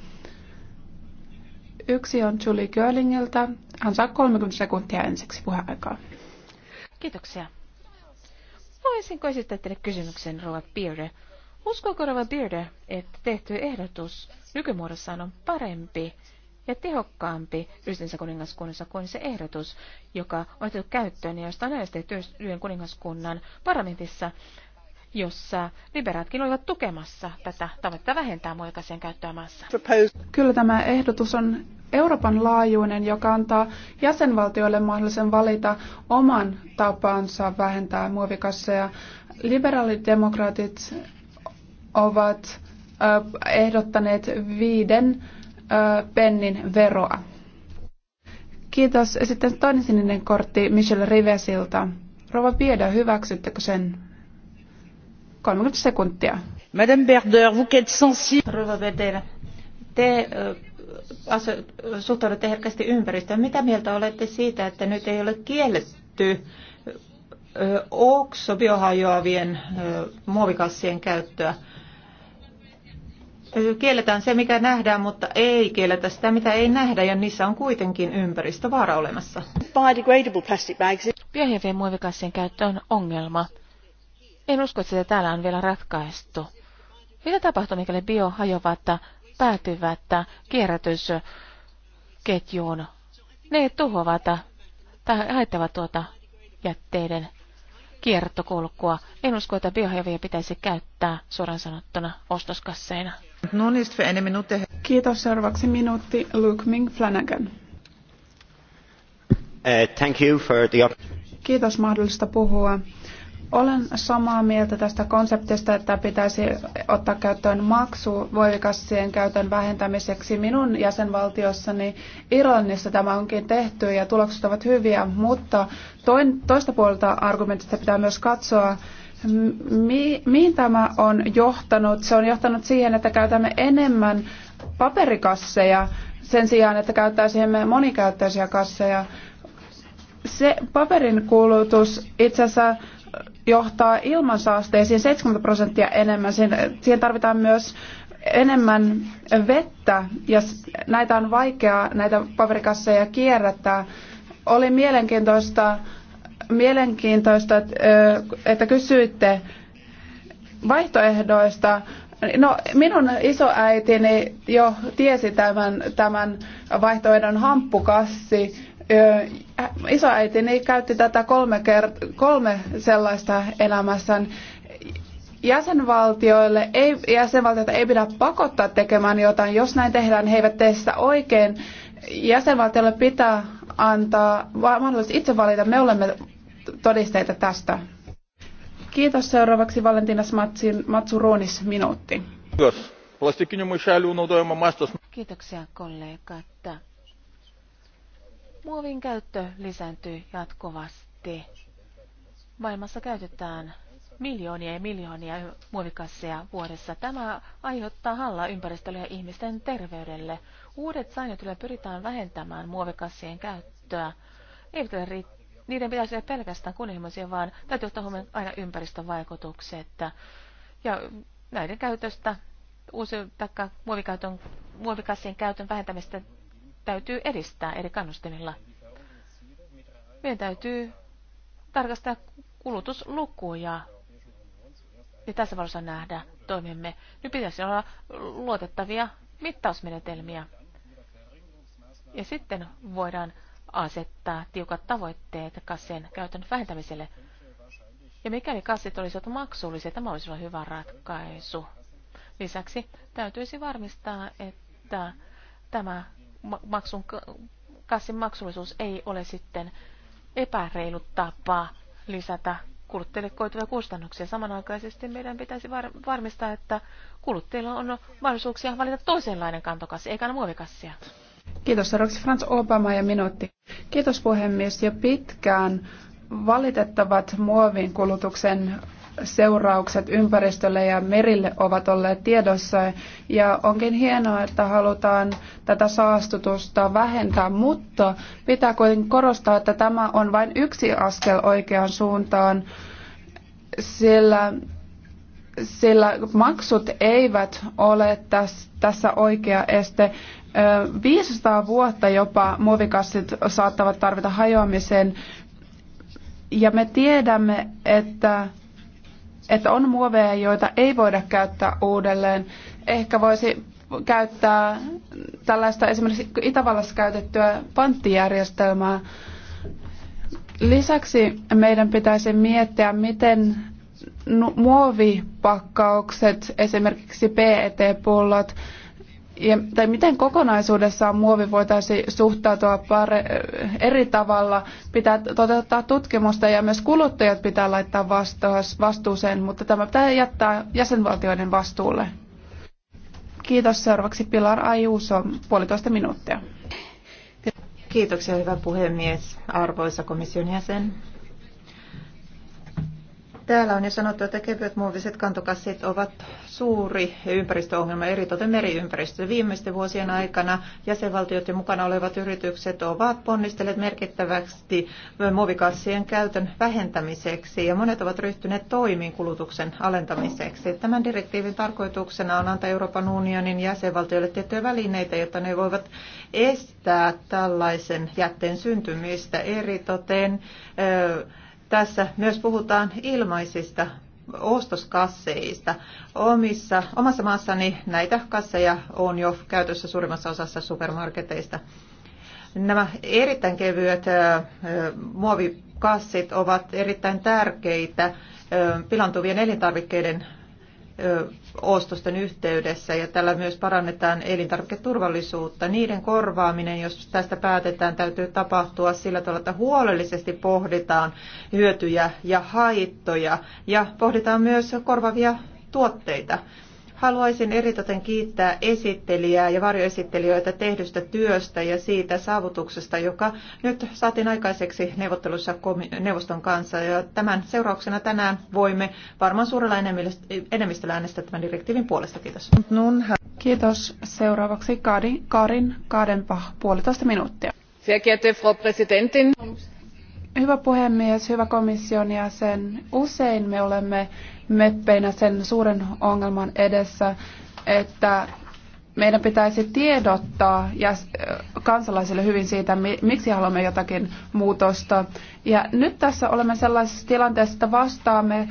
Yksi on Julie Görlingiltä. Hän saa 30 sekuntia ensiksi puheaikaa. Kiitoksia. Voisinko esittää teille kysymyksen, Rova Bearder? Uskoiko Rova Bearder, että tehty ehdotus nykymuodossaan on parempi ja tehokkaampi yhdessä kuningaskunnassa kuin se ehdotus, joka on otettu käyttöön ja josta on äänestetty yhden kuningaskunnan parlamentissa jossa liberaatkin olivat tukemassa tätä tavoitetta vähentää muovikasien käyttöä maassa. Kyllä tämä ehdotus on Euroopan laajuinen, joka antaa jäsenvaltioille mahdollisen valita oman tapansa vähentää muovikasseja. Liberaalidemokraatit ovat ehdottaneet viiden pennin veroa. Kiitos. Sitten toinen sininen kortti Michelle Rivesilta. Rova Pieda, hyväksyttekö sen? 30 sekuntia. Madame Berder, vous êtes sensible. Rova Berder, te äh, suhtaudutte herkästi ympäristöön. Mitä mieltä olette siitä, että nyt ei ole kielletty äh, biohajoavien äh, muovikassien käyttöä? Kielletään se, mikä nähdään, mutta ei kielletä sitä, mitä ei nähdä, ja niissä on kuitenkin ympäristövaara olemassa. Biodegradable plastic bags. Biohjavien muovikassien käyttö on ongelma. En usko, että sitä täällä on vielä ratkaistu. Mitä tapahtuu, mikäli biohajoavat päätyvät kierrätysketjuun? Ne tuhoavat tai haittavat tuota jätteiden kiertokulkua. En usko, että biohajovia pitäisi käyttää suoraan sanottuna ostoskasseina. No niin, Kiitos. Seuraavaksi minuutti Luke Ming Flanagan. Uh, thank you for the... Kiitos mahdollista puhua. Olen samaa mieltä tästä konseptista, että pitäisi ottaa käyttöön maksu voivikassien käytön vähentämiseksi. Minun jäsenvaltiossani Irlannissa tämä onkin tehty ja tulokset ovat hyviä, mutta toin, toista puolta argumentista pitää myös katsoa, mi, mihin tämä on johtanut. Se on johtanut siihen, että käytämme enemmän paperikasseja sen sijaan, että käyttäisimme monikäyttöisiä kasseja. Se paperin kulutus itse asiassa johtaa ilmansaasteisiin 70 prosenttia enemmän. Siihen tarvitaan myös enemmän vettä ja näitä on vaikeaa, näitä paperikasseja kierrättää. Oli mielenkiintoista, mielenkiintoista että kysyitte vaihtoehdoista. No, minun isoäitini jo tiesi tämän, tämän vaihtoehdon hamppukassi isoäitini käytti tätä kolme, kert- kolme sellaista elämässään. Jäsenvaltioille ei, jäsenvaltioita ei pidä pakottaa tekemään jotain. Jos näin tehdään, he eivät tee sitä oikein. Jäsenvaltioille pitää antaa mahdollisuus itse valita. Me olemme todisteita tästä. Kiitos. Seuraavaksi Valentinas Matsu Matsuronis minuutti. Kiitoksia kollegat. Muovin käyttö lisääntyy jatkuvasti. Maailmassa käytetään miljoonia ja miljoonia muovikasseja vuodessa. Tämä aiheuttaa hallaa ympäristölle ja ihmisten terveydelle. Uudet säännöt, pyritään vähentämään muovikassien käyttöä, Ei ole riittävää niiden pitäisi olla pelkästään kunnianhimoisia, vaan täytyy ottaa huomioon aina ympäristövaikutukset. Ja näiden käytöstä, uusi, taikka muovikassien käytön vähentämistä täytyy edistää eri kannustimilla. Meidän täytyy tarkastaa kulutuslukuja ja tässä valossa nähdä toimimme. Nyt pitäisi olla luotettavia mittausmenetelmiä. Ja sitten voidaan asettaa tiukat tavoitteet kassien käytön vähentämiselle. Ja mikäli kassit olisivat maksullisia, tämä olisi ollut hyvä ratkaisu. Lisäksi täytyisi varmistaa, että tämä maksun, kassin maksullisuus ei ole sitten epäreilu tapa lisätä kuluttajille koituvia kustannuksia. Samanaikaisesti meidän pitäisi var- varmistaa, että kuluttajilla on mahdollisuuksia valita toisenlainen kantokassi, eikä muovikassia. Kiitos. Seuraavaksi Frans Obama ja minuutti. Kiitos puhemies. Jo pitkään valitettavat muovin kulutuksen seuraukset ympäristölle ja merille ovat olleet tiedossa. Ja onkin hienoa, että halutaan tätä saastutusta vähentää, mutta pitää kuitenkin korostaa, että tämä on vain yksi askel oikeaan suuntaan, sillä sillä maksut eivät ole tässä oikea este. 500 vuotta jopa muovikassit saattavat tarvita hajoamiseen. Ja me tiedämme, että että on muoveja, joita ei voida käyttää uudelleen. Ehkä voisi käyttää tällaista esimerkiksi Itävallassa käytettyä panttijärjestelmää. Lisäksi meidän pitäisi miettiä, miten muovipakkaukset, esimerkiksi PET-pullot, ja, tai miten kokonaisuudessaan muovi voitaisiin suhtautua pare, eri tavalla. Pitää toteuttaa tutkimusta ja myös kuluttajat pitää laittaa vastuuseen, mutta tämä pitää jättää jäsenvaltioiden vastuulle. Kiitos. Seuraavaksi Pilar Ajuso, puolitoista minuuttia. Kiitoksia, hyvä puhemies, arvoisa komission jäsen. Täällä on jo sanottu, että kevyet muoviset kantokassit ovat suuri ympäristöongelma, eritoten meriympäristö. Viimeisten vuosien aikana jäsenvaltiot ja mukana olevat yritykset ovat ponnistelleet merkittävästi muovikassien käytön vähentämiseksi ja monet ovat ryhtyneet toimiin kulutuksen alentamiseksi. Tämän direktiivin tarkoituksena on antaa Euroopan unionin jäsenvaltioille tiettyjä välineitä, jotta ne voivat estää tällaisen jätteen syntymistä eritoten ö, tässä myös puhutaan ilmaisista ostoskasseista. Omissa, omassa maassani näitä kasseja on jo käytössä suurimmassa osassa supermarketeista. Nämä erittäin kevyet muovikassit ovat erittäin tärkeitä pilantuvien elintarvikkeiden ostosten yhteydessä ja tällä myös parannetaan elintarviketurvallisuutta. Niiden korvaaminen, jos tästä päätetään, täytyy tapahtua sillä tavalla, että huolellisesti pohditaan hyötyjä ja haittoja ja pohditaan myös korvaavia tuotteita. Haluaisin eritoten kiittää esittelijää ja varjoesittelijöitä tehdystä työstä ja siitä saavutuksesta, joka nyt saatiin aikaiseksi neuvottelussa neuvoston kanssa. Ja tämän seurauksena tänään voimme varmaan suurella enemmistöllä äänestää tämän direktiivin puolesta. Kiitos. Kiitos. Seuraavaksi Karin Kadenpah, puolitoista minuuttia. Sehr geehrte Frau Präsidentin. Hyvä puhemies, hyvä komission jäsen. Usein me olemme meppeinä sen suuren ongelman edessä, että meidän pitäisi tiedottaa äh, kansalaisille hyvin siitä, miksi haluamme jotakin muutosta. Ja nyt tässä olemme sellaisessa tilanteessa, että vastaamme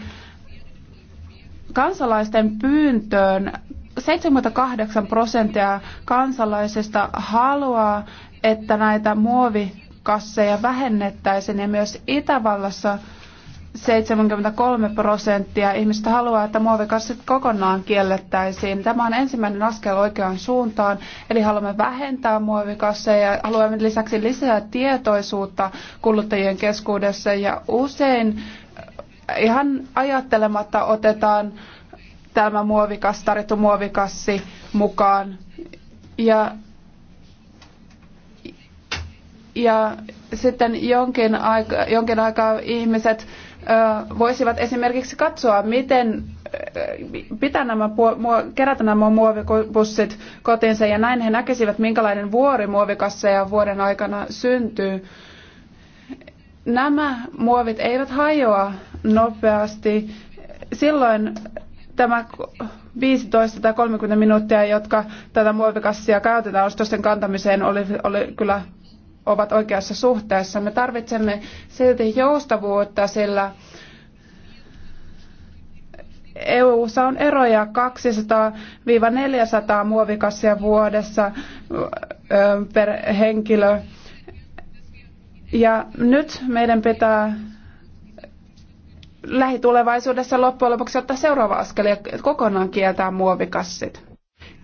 kansalaisten pyyntöön. 78 prosenttia kansalaisista haluaa, että näitä muovi kasseja vähennettäisiin ja myös Itävallassa 73 prosenttia ihmistä haluaa, että muovikassit kokonaan kiellettäisiin. Tämä on ensimmäinen askel oikeaan suuntaan, eli haluamme vähentää muovikasseja ja haluamme lisäksi lisää tietoisuutta kuluttajien keskuudessa ja usein ihan ajattelematta otetaan tämä muovikassi, tarjottu muovikassi mukaan. Ja ja sitten jonkin, aika, jonkin aikaa ihmiset ö, voisivat esimerkiksi katsoa, miten pitää nämä, kerätä nämä muovipussit kotiinsa ja näin he näkisivät, minkälainen vuori muovikasseja vuoden aikana syntyy. Nämä muovit eivät hajoa nopeasti. Silloin tämä 15 tai 30 minuuttia, jotka tätä muovikassia käytetään ostosten kantamiseen, oli, oli kyllä ovat oikeassa suhteessa. Me tarvitsemme silti joustavuutta, sillä EU:ssa on eroja 200-400 muovikassia vuodessa per henkilö. Ja nyt meidän pitää lähitulevaisuudessa loppujen lopuksi ottaa seuraava askel ja kokonaan kieltää muovikassit.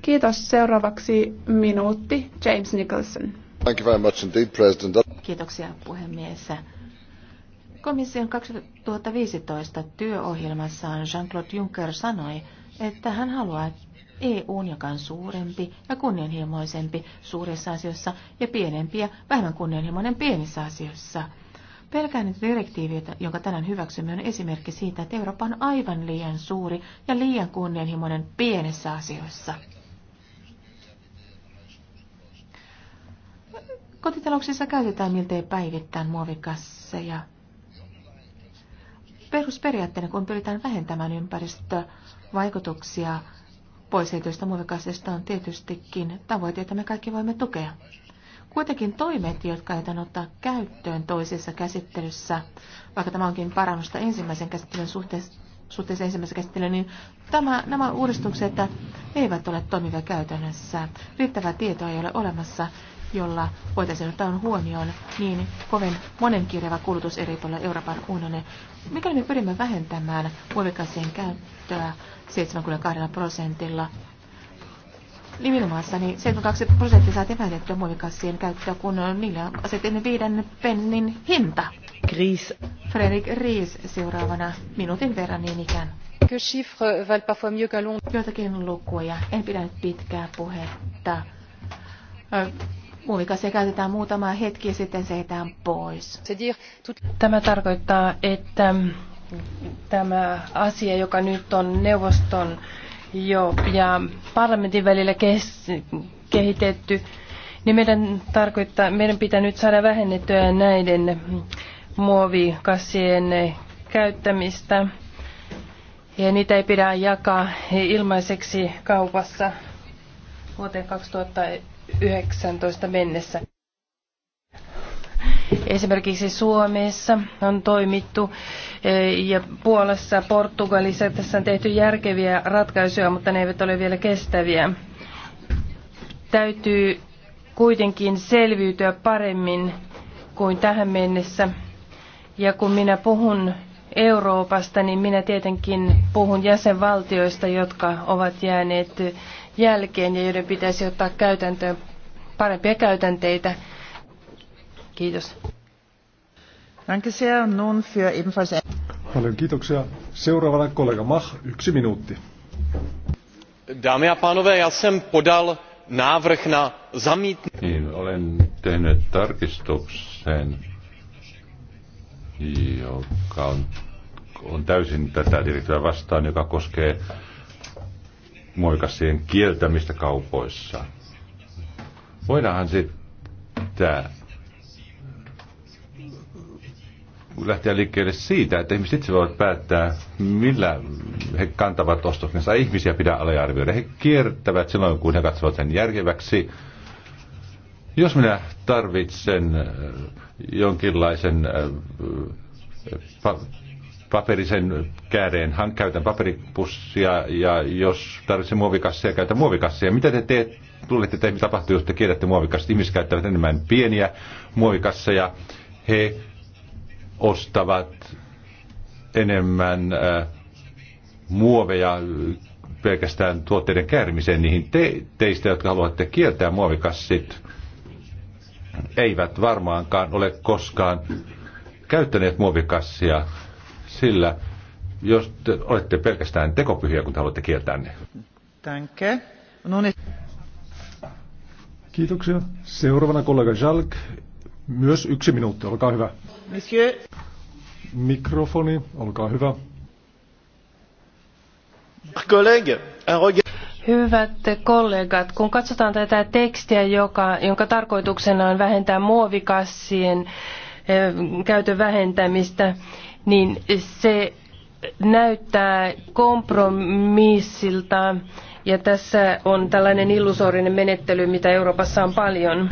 Kiitos. Seuraavaksi minuutti. James Nicholson. Kiitoksia puhemies. Komission 2015 työohjelmassaan Jean-Claude Juncker sanoi, että hän haluaa EUn, e joka on suurempi ja kunnianhimoisempi suurissa asioissa ja pienempi ja vähemmän kunnianhimoinen pienissä asioissa. Pelkään nyt direktiivi, jonka tänään hyväksymme, on esimerkki siitä, että Eurooppa on aivan liian suuri ja liian kunnianhimoinen pienissä asioissa. Kotitalouksissa käytetään miltei päivittäin muovikasseja. Perusperiaatteena, kun pyritään vähentämään ympäristövaikutuksia poisheitoista muovikasseista, on tietystikin tavoite, että me kaikki voimme tukea. Kuitenkin toimet, jotka aiotaan ottaa käyttöön toisessa käsittelyssä, vaikka tämä onkin parannusta ensimmäisen käsittelyn suhteessa, suhteessa ensimmäisen käsittelyyn, niin tämä, nämä uudistukset eivät ole toimivia käytännössä. Riittävää tietoa ei ole olemassa jolla voitaisiin ottaa huomioon niin kovin monenkirjava kulutus eri puolilla Euroopan unionin. Mikäli me pyrimme vähentämään muovikasien käyttöä 72 prosentilla, Liminomaassa niin 72 prosenttia saatiin vähennettyä muovikassien käyttöä, kun niillä asetin viiden pennin hinta. Gries. Fredrik Ries seuraavana minuutin verran niin ikään. Joitakin lukuja. En pidä nyt pitkää puhetta Muovikasia käytetään muutama hetki ja sitten se pois. Tämä tarkoittaa, että tämä asia, joka nyt on neuvoston jo ja parlamentin välillä kehitetty, niin meidän, tarkoittaa, meidän pitää nyt saada vähennettyä näiden muovikassien käyttämistä. Ja niitä ei pidä jakaa ilmaiseksi kaupassa vuoteen 2000 2019 mennessä. Esimerkiksi Suomessa on toimittu e, ja Puolassa, Portugalissa tässä on tehty järkeviä ratkaisuja, mutta ne eivät ole vielä kestäviä. Täytyy kuitenkin selviytyä paremmin kuin tähän mennessä. Ja kun minä puhun Euroopasta, niin minä tietenkin puhun jäsenvaltioista, jotka ovat jääneet jälkeen ja joiden pitäisi ottaa käytäntöön parempia käytänteitä. Kiitos. Paljon kiitoksia. Seuraavana kollega Mach, yksi minuutti. Dámy a pánové, já jsem podal návrh na zamítnutí. Niin, olen tehnyt tarkistuksen, joka on, on täysin tätä direktiiviä vastaan, joka koskee muokassien kieltämistä kaupoissa. Voidaanhan sitten lähteä liikkeelle siitä, että ihmiset itse voivat päättää, millä he kantavat ostoksensa. Ihmisiä pidä aliarvioida. He kiertävät silloin, kun he katsovat sen järkeväksi. Jos minä tarvitsen äh, jonkinlaisen äh, paperisen kääreen, hän käytän paperipussia ja jos tarvitsee muovikassia, käytän muovikassia. Mitä te teet, teihin, mitä tapahtuu, jos te kiellätte muovikassit? Ihmiset käyttävät enemmän pieniä muovikasseja. He ostavat enemmän äh, muoveja pelkästään tuotteiden käärimiseen, niihin te, teistä, jotka haluatte kieltää muovikassit, eivät varmaankaan ole koskaan käyttäneet muovikassia sillä, jos te olette pelkästään tekopyhiä, kun te haluatte kieltää ne. Danke. niin. Kiitoksia. Seuraavana kollega Jalk. Myös yksi minuutti, olkaa hyvä. Monsieur. Mikrofoni, olkaa hyvä. Kollega, Hyvät kollegat, kun katsotaan tätä tekstiä, joka, jonka tarkoituksena on vähentää muovikassien eh, käytön vähentämistä, niin se näyttää kompromissilta ja tässä on tällainen illusorinen menettely, mitä Euroopassa on paljon.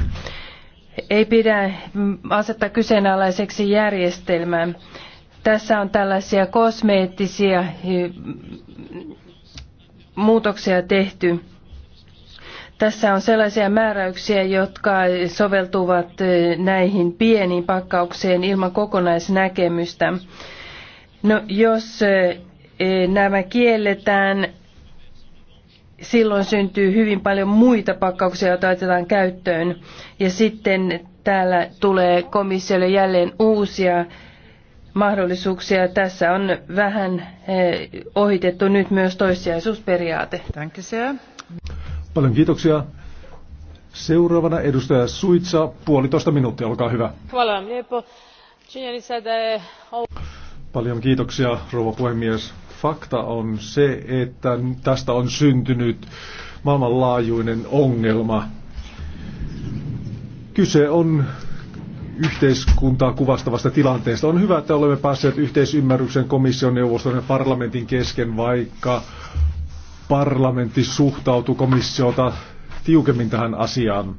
Ei pidä asettaa kyseenalaiseksi järjestelmää. Tässä on tällaisia kosmeettisia eh, muutoksia tehty. Tässä on sellaisia määräyksiä, jotka soveltuvat näihin pieniin pakkaukseen ilman kokonaisnäkemystä. No, jos nämä kielletään, silloin syntyy hyvin paljon muita pakkauksia, joita otetaan käyttöön. Ja sitten täällä tulee komissiolle jälleen uusia mahdollisuuksia. Tässä on vähän ohitettu nyt myös toissijaisuusperiaate. Danke sehr. Paljon kiitoksia. Seuraavana edustaja Suitsa, puolitoista minuuttia, olkaa hyvä. Paljon kiitoksia, rouva puhemies. Fakta on se, että tästä on syntynyt maailmanlaajuinen ongelma. Kyse on yhteiskuntaa kuvastavasta tilanteesta. On hyvä, että olemme päässeet yhteisymmärryksen komission, neuvoston ja parlamentin kesken, vaikka parlamentti suhtautuu komissiota tiukemmin tähän asiaan.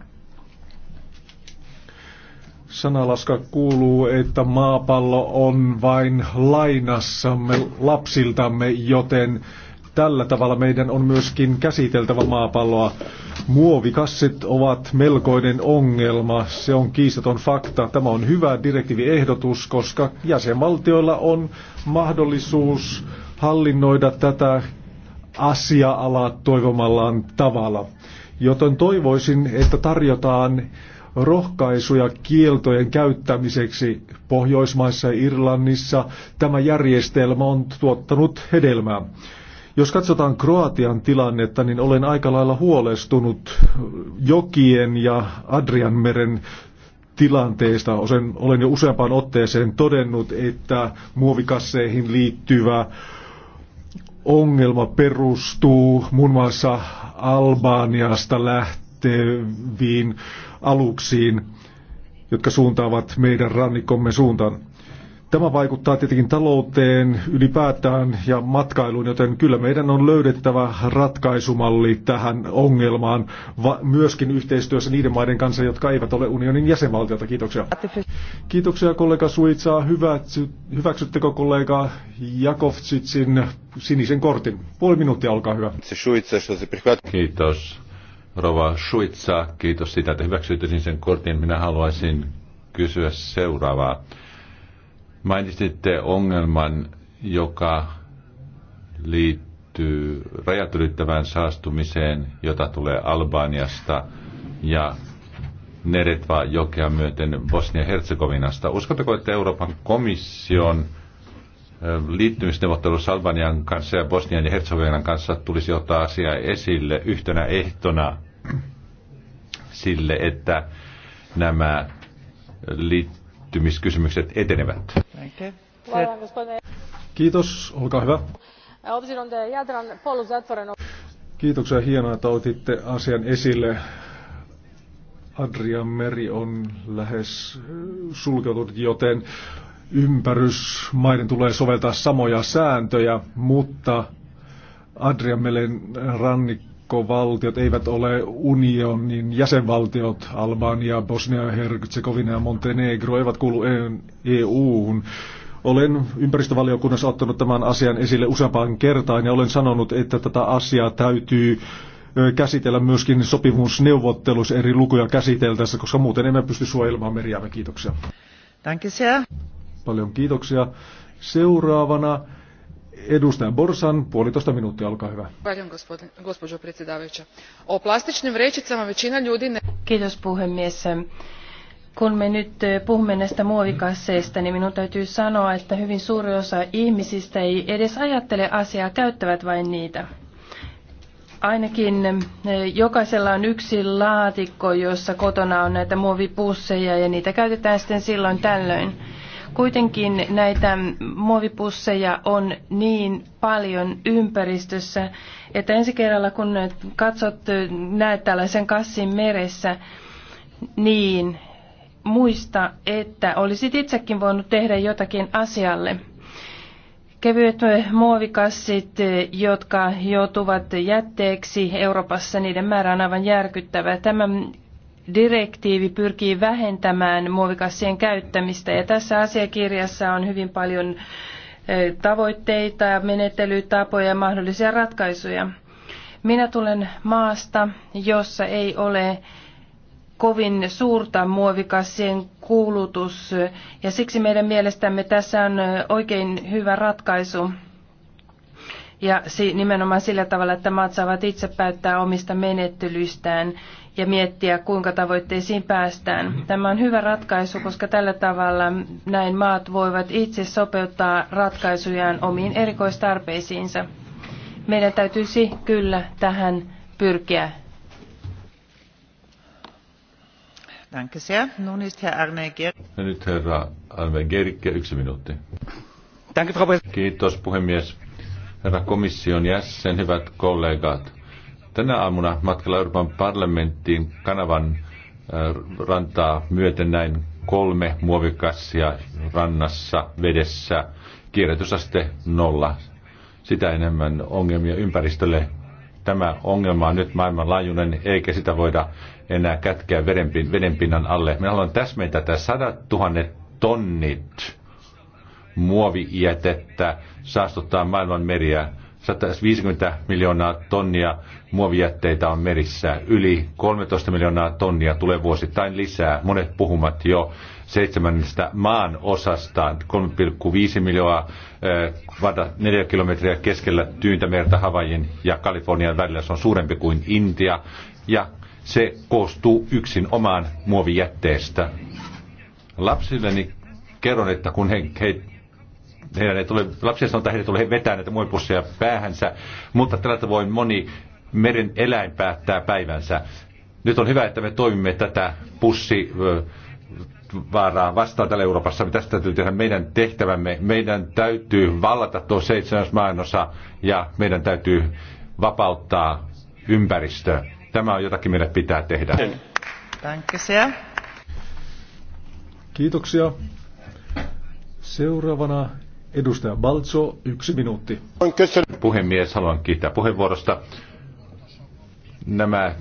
Sanalaska kuuluu, että maapallo on vain lainassamme lapsiltamme, joten tällä tavalla meidän on myöskin käsiteltävä maapalloa. Muovikassit ovat melkoinen ongelma, se on kiistaton fakta. Tämä on hyvä direktiiviehdotus, koska jäsenvaltioilla on mahdollisuus hallinnoida tätä asia ala toivomallaan tavalla. Joten toivoisin, että tarjotaan rohkaisuja kieltojen käyttämiseksi Pohjoismaissa ja Irlannissa. Tämä järjestelmä on tuottanut hedelmää. Jos katsotaan Kroatian tilannetta, niin olen aika lailla huolestunut jokien ja Adrianmeren tilanteesta. Olen jo useampaan otteeseen todennut, että muovikasseihin liittyvä ongelma perustuu muun muassa Albaaniasta lähteviin aluksiin, jotka suuntaavat meidän rannikomme suuntaan. Tämä vaikuttaa tietenkin talouteen ylipäätään ja matkailuun, joten kyllä meidän on löydettävä ratkaisumalli tähän ongelmaan, myöskin yhteistyössä niiden maiden kanssa, jotka eivät ole unionin jäsenvaltiota. Kiitoksia. Kiitoksia kollega Suitsa. Hyväksy, hyväksyttekö kollega Jakovtsitsin sinisen kortin? Puoli minuuttia, olkaa hyvä. Kiitos. Rova Suitsa, kiitos siitä, että hyväksyitte sinisen kortin. Minä haluaisin kysyä seuraavaa Mainitsitte ongelman, joka liittyy rajat ylittävään saastumiseen, jota tulee Albaniasta ja Neretva-jokea myöten Bosnia-Herzegovinasta. Uskotteko, että Euroopan komission liittymisneuvottelussa Albanian kanssa ja Bosnian ja Herzegovinan kanssa tulisi ottaa asia esille yhtenä ehtona sille, että nämä liittymisneuvottelut liittymiskysymykset etenevät. Kiitos, olkaa hyvä. Kiitoksia, hienoa, että otitte asian esille. Adrian meri on lähes eh, sulkeutunut, joten ympärysmaiden tulee soveltaa samoja sääntöjä, mutta Adrianmeren rannik rannikkovaltiot eivät ole unionin jäsenvaltiot. Albania, Bosnia, Herzegovina ja Montenegro eivät kuulu EU-hun. Olen ympäristövaliokunnassa ottanut tämän asian esille useampaan kertaan ja olen sanonut, että tätä asiaa täytyy käsitellä myöskin sopimusneuvottelussa eri lukuja käsiteltäessä, koska muuten emme pysty suojelemaan meriämme. Kiitoksia. Paljon kiitoksia. Seuraavana Edustaja Borsan, puolitoista minuuttia, olkaa hyvä. O plastičnim vrećicama većina ljudi ne... Kiitos puhemies. Kun me nyt eh, puhumme näistä muovikasseista, niin minun täytyy sanoa, että hyvin suuri osa ihmisistä ei edes ajattele asiaa, käyttävät vain niitä. Ainakin eh, jokaisella on yksi laatikko, jossa kotona on näitä muovipusseja ja niitä käytetään sitten silloin tällöin. Kuitenkin näitä muovipusseja on niin paljon ympäristössä, että ensi kerralla kun katsot, näet tällaisen kassin meressä, niin muista, että olisit itsekin voinut tehdä jotakin asialle. Kevyet muovikassit, jotka joutuvat jätteeksi Euroopassa, niiden määrä on aivan järkyttävä. Tämä direktiivi pyrkii vähentämään muovikassien käyttämistä ja tässä asiakirjassa on hyvin paljon tavoitteita, menettelytapoja ja mahdollisia ratkaisuja. Minä tulen maasta, jossa ei ole kovin suurta muovikassien kulutus ja siksi meidän mielestämme tässä on oikein hyvä ratkaisu. Ja nimenomaan sillä tavalla, että maat saavat itse päättää omista menettelyistään ja miettiä, kuinka tavoitteisiin päästään. Mhm. Tämä on hyvä ratkaisu, koska tällä tavalla näin maat voivat itse sopeuttaa ratkaisujaan omiin erikoistarpeisiinsa. Meidän täytyisi kyllä tähän pyrkiä. Danke sehr. Nun ist Herr Arne ja nyt herra Arne Gericke, yksi minuutti. Danke, Frau Kiitos puhemies. Herra komission jäsen, hyvät kollegat. Tänä aamuna matkalla Euroopan parlamenttiin kanavan rantaa myöten näin kolme muovikassia rannassa, vedessä, kierrätysaste nolla. Sitä enemmän ongelmia ympäristölle. Tämä ongelma on nyt maailmanlaajuinen, eikä sitä voida enää kätkeä vedenpinnan alle. Minä haluan täsmentää, että sadat tuhannet tonnit muovijätettä saastuttaa maailman meriä. 150 miljoonaa tonnia muovijätteitä on merissä. Yli 13 miljoonaa tonnia tulee vuosittain lisää. Monet puhumat jo seitsemännestä maan osasta 3,5 miljoonaa eh, neljä kilometriä keskellä Tyyntämertä Havajin ja Kalifornian välillä. Se on suurempi kuin Intia ja se koostuu yksin omaan muovijätteestä. Lapsilleni kerron, että kun he, he heidän ei tule, lapsia sanotaan, heidän tulee vetää näitä muovipusseja päähänsä, mutta tällä tavoin moni meren eläin päättää päivänsä. Nyt on hyvä, että me toimimme tätä pussi vaaraa vastaan täällä Euroopassa. Tästä täytyy tehdä meidän tehtävämme. Meidän täytyy vallata tuo seitsemäs maailmanosa ja meidän täytyy vapauttaa ympäristö. Tämä on jotakin, mitä pitää tehdä. Tänkkäsiä. Kiitoksia. Seuraavana Edustaja Balzo, yksi minuutti. Puhemies, haluan kiittää puheenvuorosta. Nämä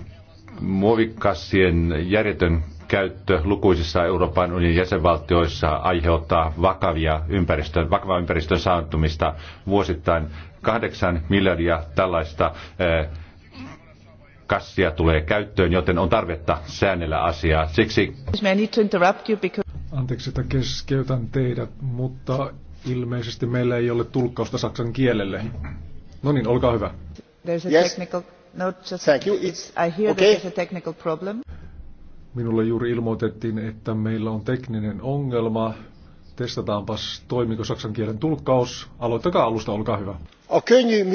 muovikassien järjetön käyttö lukuisissa Euroopan unionin jäsenvaltioissa aiheuttaa vakavia ympäristön, vakavaa ympäristön saantumista vuosittain. Kahdeksan miljardia tällaista eh, kassia tulee käyttöön, joten on tarvetta säännellä asiaa. Siksi... Anteeksi, että keskeytän teidät, mutta Ilmeisesti meillä ei ole tulkkausta saksan kielelle. No niin, olkaa hyvä. There's a yes. technical... No, just... Thank you. It's... I hear okay. there's a technical problem. Minulle juuri ilmoitettiin, että meillä on tekninen ongelma. Testataanpas, toimiko saksan kielen tulkkaus. Aloittakaa alusta, olkaa hyvä. Niin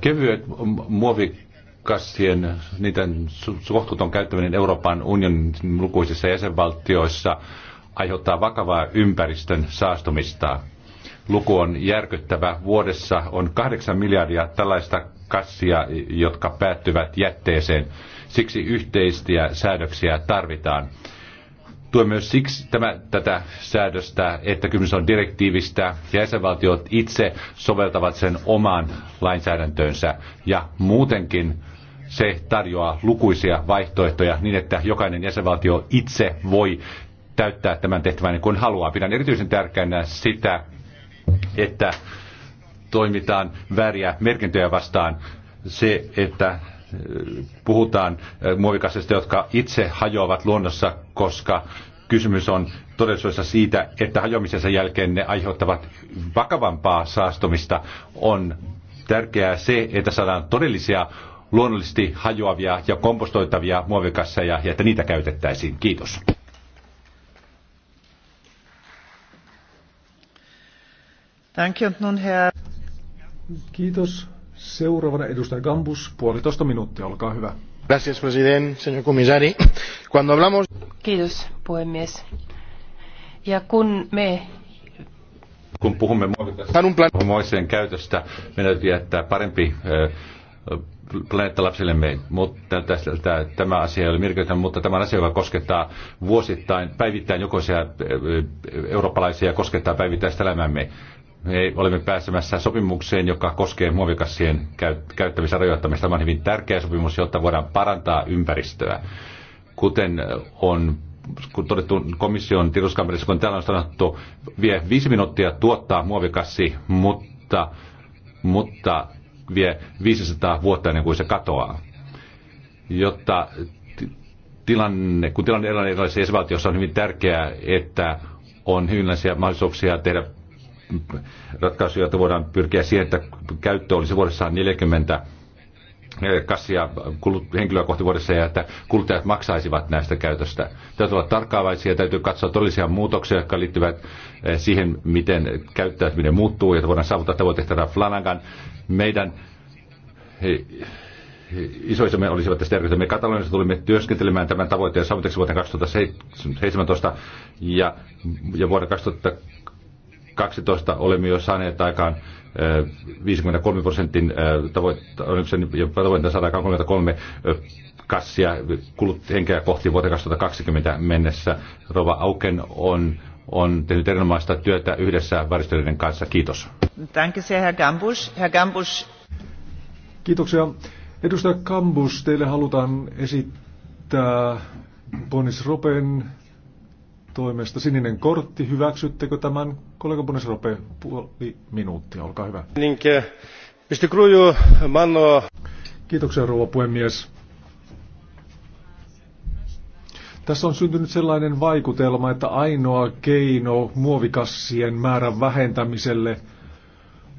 Kevyet muovikassien, niiden kohtuuton käyttäminen Euroopan unionin lukuisissa jäsenvaltioissa aiheuttaa vakavaa ympäristön saastumista luku on järkyttävä. Vuodessa on kahdeksan miljardia tällaista kassia, jotka päättyvät jätteeseen. Siksi yhteistiä säädöksiä tarvitaan. Tuo myös siksi tämä, tätä säädöstä, että kysymys on direktiivistä ja jäsenvaltiot itse soveltavat sen omaan lainsäädäntöönsä. Ja muutenkin se tarjoaa lukuisia vaihtoehtoja niin, että jokainen jäsenvaltio itse voi täyttää tämän tehtävän niin kuin haluaa. Pidän erityisen tärkeänä sitä, että toimitaan väriä merkintöjä vastaan. Se, että äh, puhutaan äh, muovikasseista, jotka itse hajoavat luonnossa, koska kysymys on todellisuudessa siitä, että hajoamisensa jälkeen ne aiheuttavat vakavampaa saastumista. On tärkeää se, että saadaan todellisia luonnollisesti hajoavia ja kompostoitavia muovikasseja ja että niitä käytettäisiin. Kiitos. Kiitos. Seuraavana edustaja Gambus, puolitoista minuuttia, olkaa hyvä. Gracias, presidente, señor comisario. Cuando hablamos... Kiitos, puhemies. Ja kun me kun puhumme muoviseen käytöstä, meidän täytyy jättää parempi planeetta lapsillemme, mutta tästä, tämä, asia ei ole merkitystä, mutta tämä asia, joka koskettaa vuosittain, päivittäin jokaisia eurooppalaisia koskettaa päivittäistä elämämme me olemme pääsemässä sopimukseen, joka koskee muovikassien käyttämisen rajoittamista. Tämä on hyvin tärkeä sopimus, jotta voidaan parantaa ympäristöä. Kuten on kun todettu komission tiedotuskampanjassa, kun täällä on sanottu, vie viisi minuuttia tuottaa muovikassi, mutta, mutta vie 500 vuotta ennen kuin se katoaa. Jotta tilanne, kun tilanne erilaisissa jäsenvaltioissa on hyvin tärkeää, että on hyvinlaisia mahdollisuuksia tehdä ratkaisuja, joita voidaan pyrkiä siihen, että käyttö olisi vuodessaan 40 eh, kassia henkilöä kohti vuodessa ja että kuluttajat maksaisivat näistä käytöstä. Täytyy olla tarkkaavaisia, täytyy katsoa todellisia muutoksia, jotka liittyvät eh, siihen, miten käyttäytyminen muuttuu, ja voidaan saavuttaa tavoitteita Flanagan. Meidän isoisamme olisivat tästä järkytä. Me Katalonissa tulimme työskentelemään tämän tavoitteen saavutuksen vuoteen 2017 ja, ja vuoden 2000 2012 olemme jo saaneet aikaan 53 prosentin tavoitteen, tavoitteen saada kassia kulut henkeä kohti vuoteen 2020 mennessä. Rova Auken on, on tehnyt erinomaista työtä yhdessä varistelijoiden kanssa. Kiitos. Herr Gambusch. Herr Kiitoksia. Edustaja Kambus, teille halutaan esittää Bonis Ropen toimesta sininen kortti. Hyväksyttekö tämän? Kollega Rope, puoli minuuttia, olkaa hyvä. Kiitoksia rouva puhemies. Tässä on syntynyt sellainen vaikutelma, että ainoa keino muovikassien määrän vähentämiselle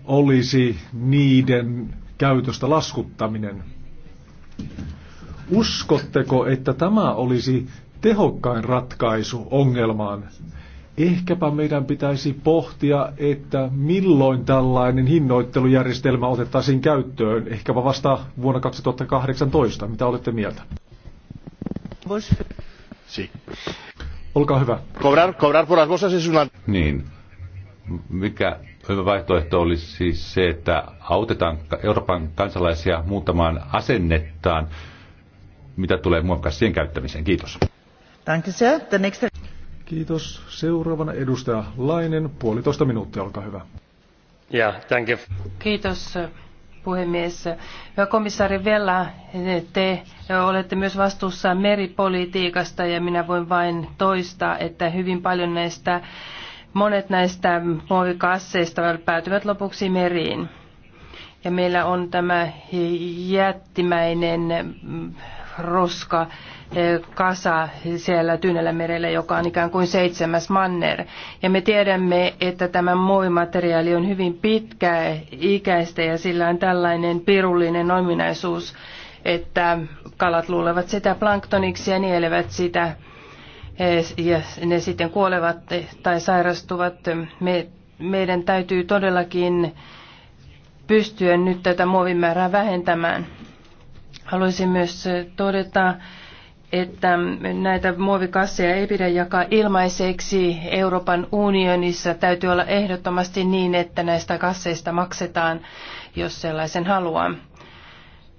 olisi niiden käytöstä laskuttaminen. Uskotteko, että tämä olisi tehokkain ratkaisu ongelmaan. Ehkäpä meidän pitäisi pohtia, että milloin tällainen hinnoittelujärjestelmä otettaisiin käyttöön, ehkäpä vasta vuonna 2018. Mitä olette mieltä? Si. Olkaa hyvä. Cobrar, cobrar por las es una... Niin. Mikä hyvä vaihtoehto olisi siis se, että autetaan Euroopan kansalaisia muuttamaan asennettaan, mitä tulee muokkassien käyttämiseen. Kiitos. Kiitos. Seuraavana edustaja Lainen, puolitoista minuuttia, olkaa hyvä. Kiitos puhemies. Hyvä komissaari Vella, te olette myös vastuussa meripolitiikasta ja minä voin vain toistaa, että hyvin paljon näistä, monet näistä muovikasseista päätyvät lopuksi meriin. Ja meillä on tämä jättimäinen roska kasa siellä Tyynellä merellä, joka on ikään kuin seitsemäs manner. Ja me tiedämme, että tämä muovimateriaali on hyvin pitkä ikäistä ja sillä on tällainen pirullinen ominaisuus, että kalat luulevat sitä planktoniksi ja nielevät sitä eh, ja ne sitten kuolevat tai sairastuvat. Me, meidän täytyy todellakin pystyä nyt tätä muovimäärää vähentämään. Haluaisin myös todeta, että näitä muovikasseja ei pidä jakaa ilmaiseksi Euroopan unionissa. Täytyy olla ehdottomasti niin, että näistä kasseista maksetaan, jos sellaisen haluaa.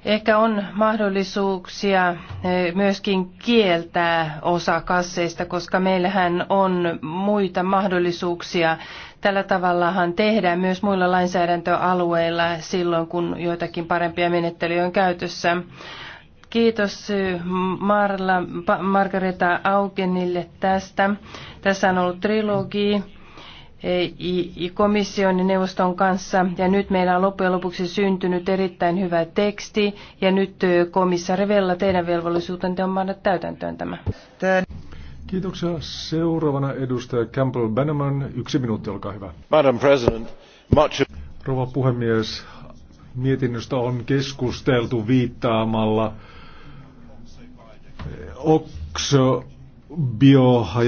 Ehkä on mahdollisuuksia eh, myöskin kieltää osa kasseista, koska meillähän on muita mahdollisuuksia. Tällä tavallahan tehdään myös muilla lainsäädäntöalueilla silloin, kun joitakin parempia menettelyjä on käytössä. Kiitos Marla, Margareta Aukenille tästä. Tässä on ollut trilogi e, komission ja neuvoston kanssa ja nyt meillä on loppujen lopuksi syntynyt erittäin hyvä teksti ja nyt e, komissaari Vella, teidän velvollisuutenne on maana täytäntöön tämä. Kiitoksia. Seuraavana edustaja Campbell Bannerman. Yksi minuutti, olkaa hyvä. Madam President, much... Rouva puhemies, mietinnöstä on keskusteltu viittaamalla Okso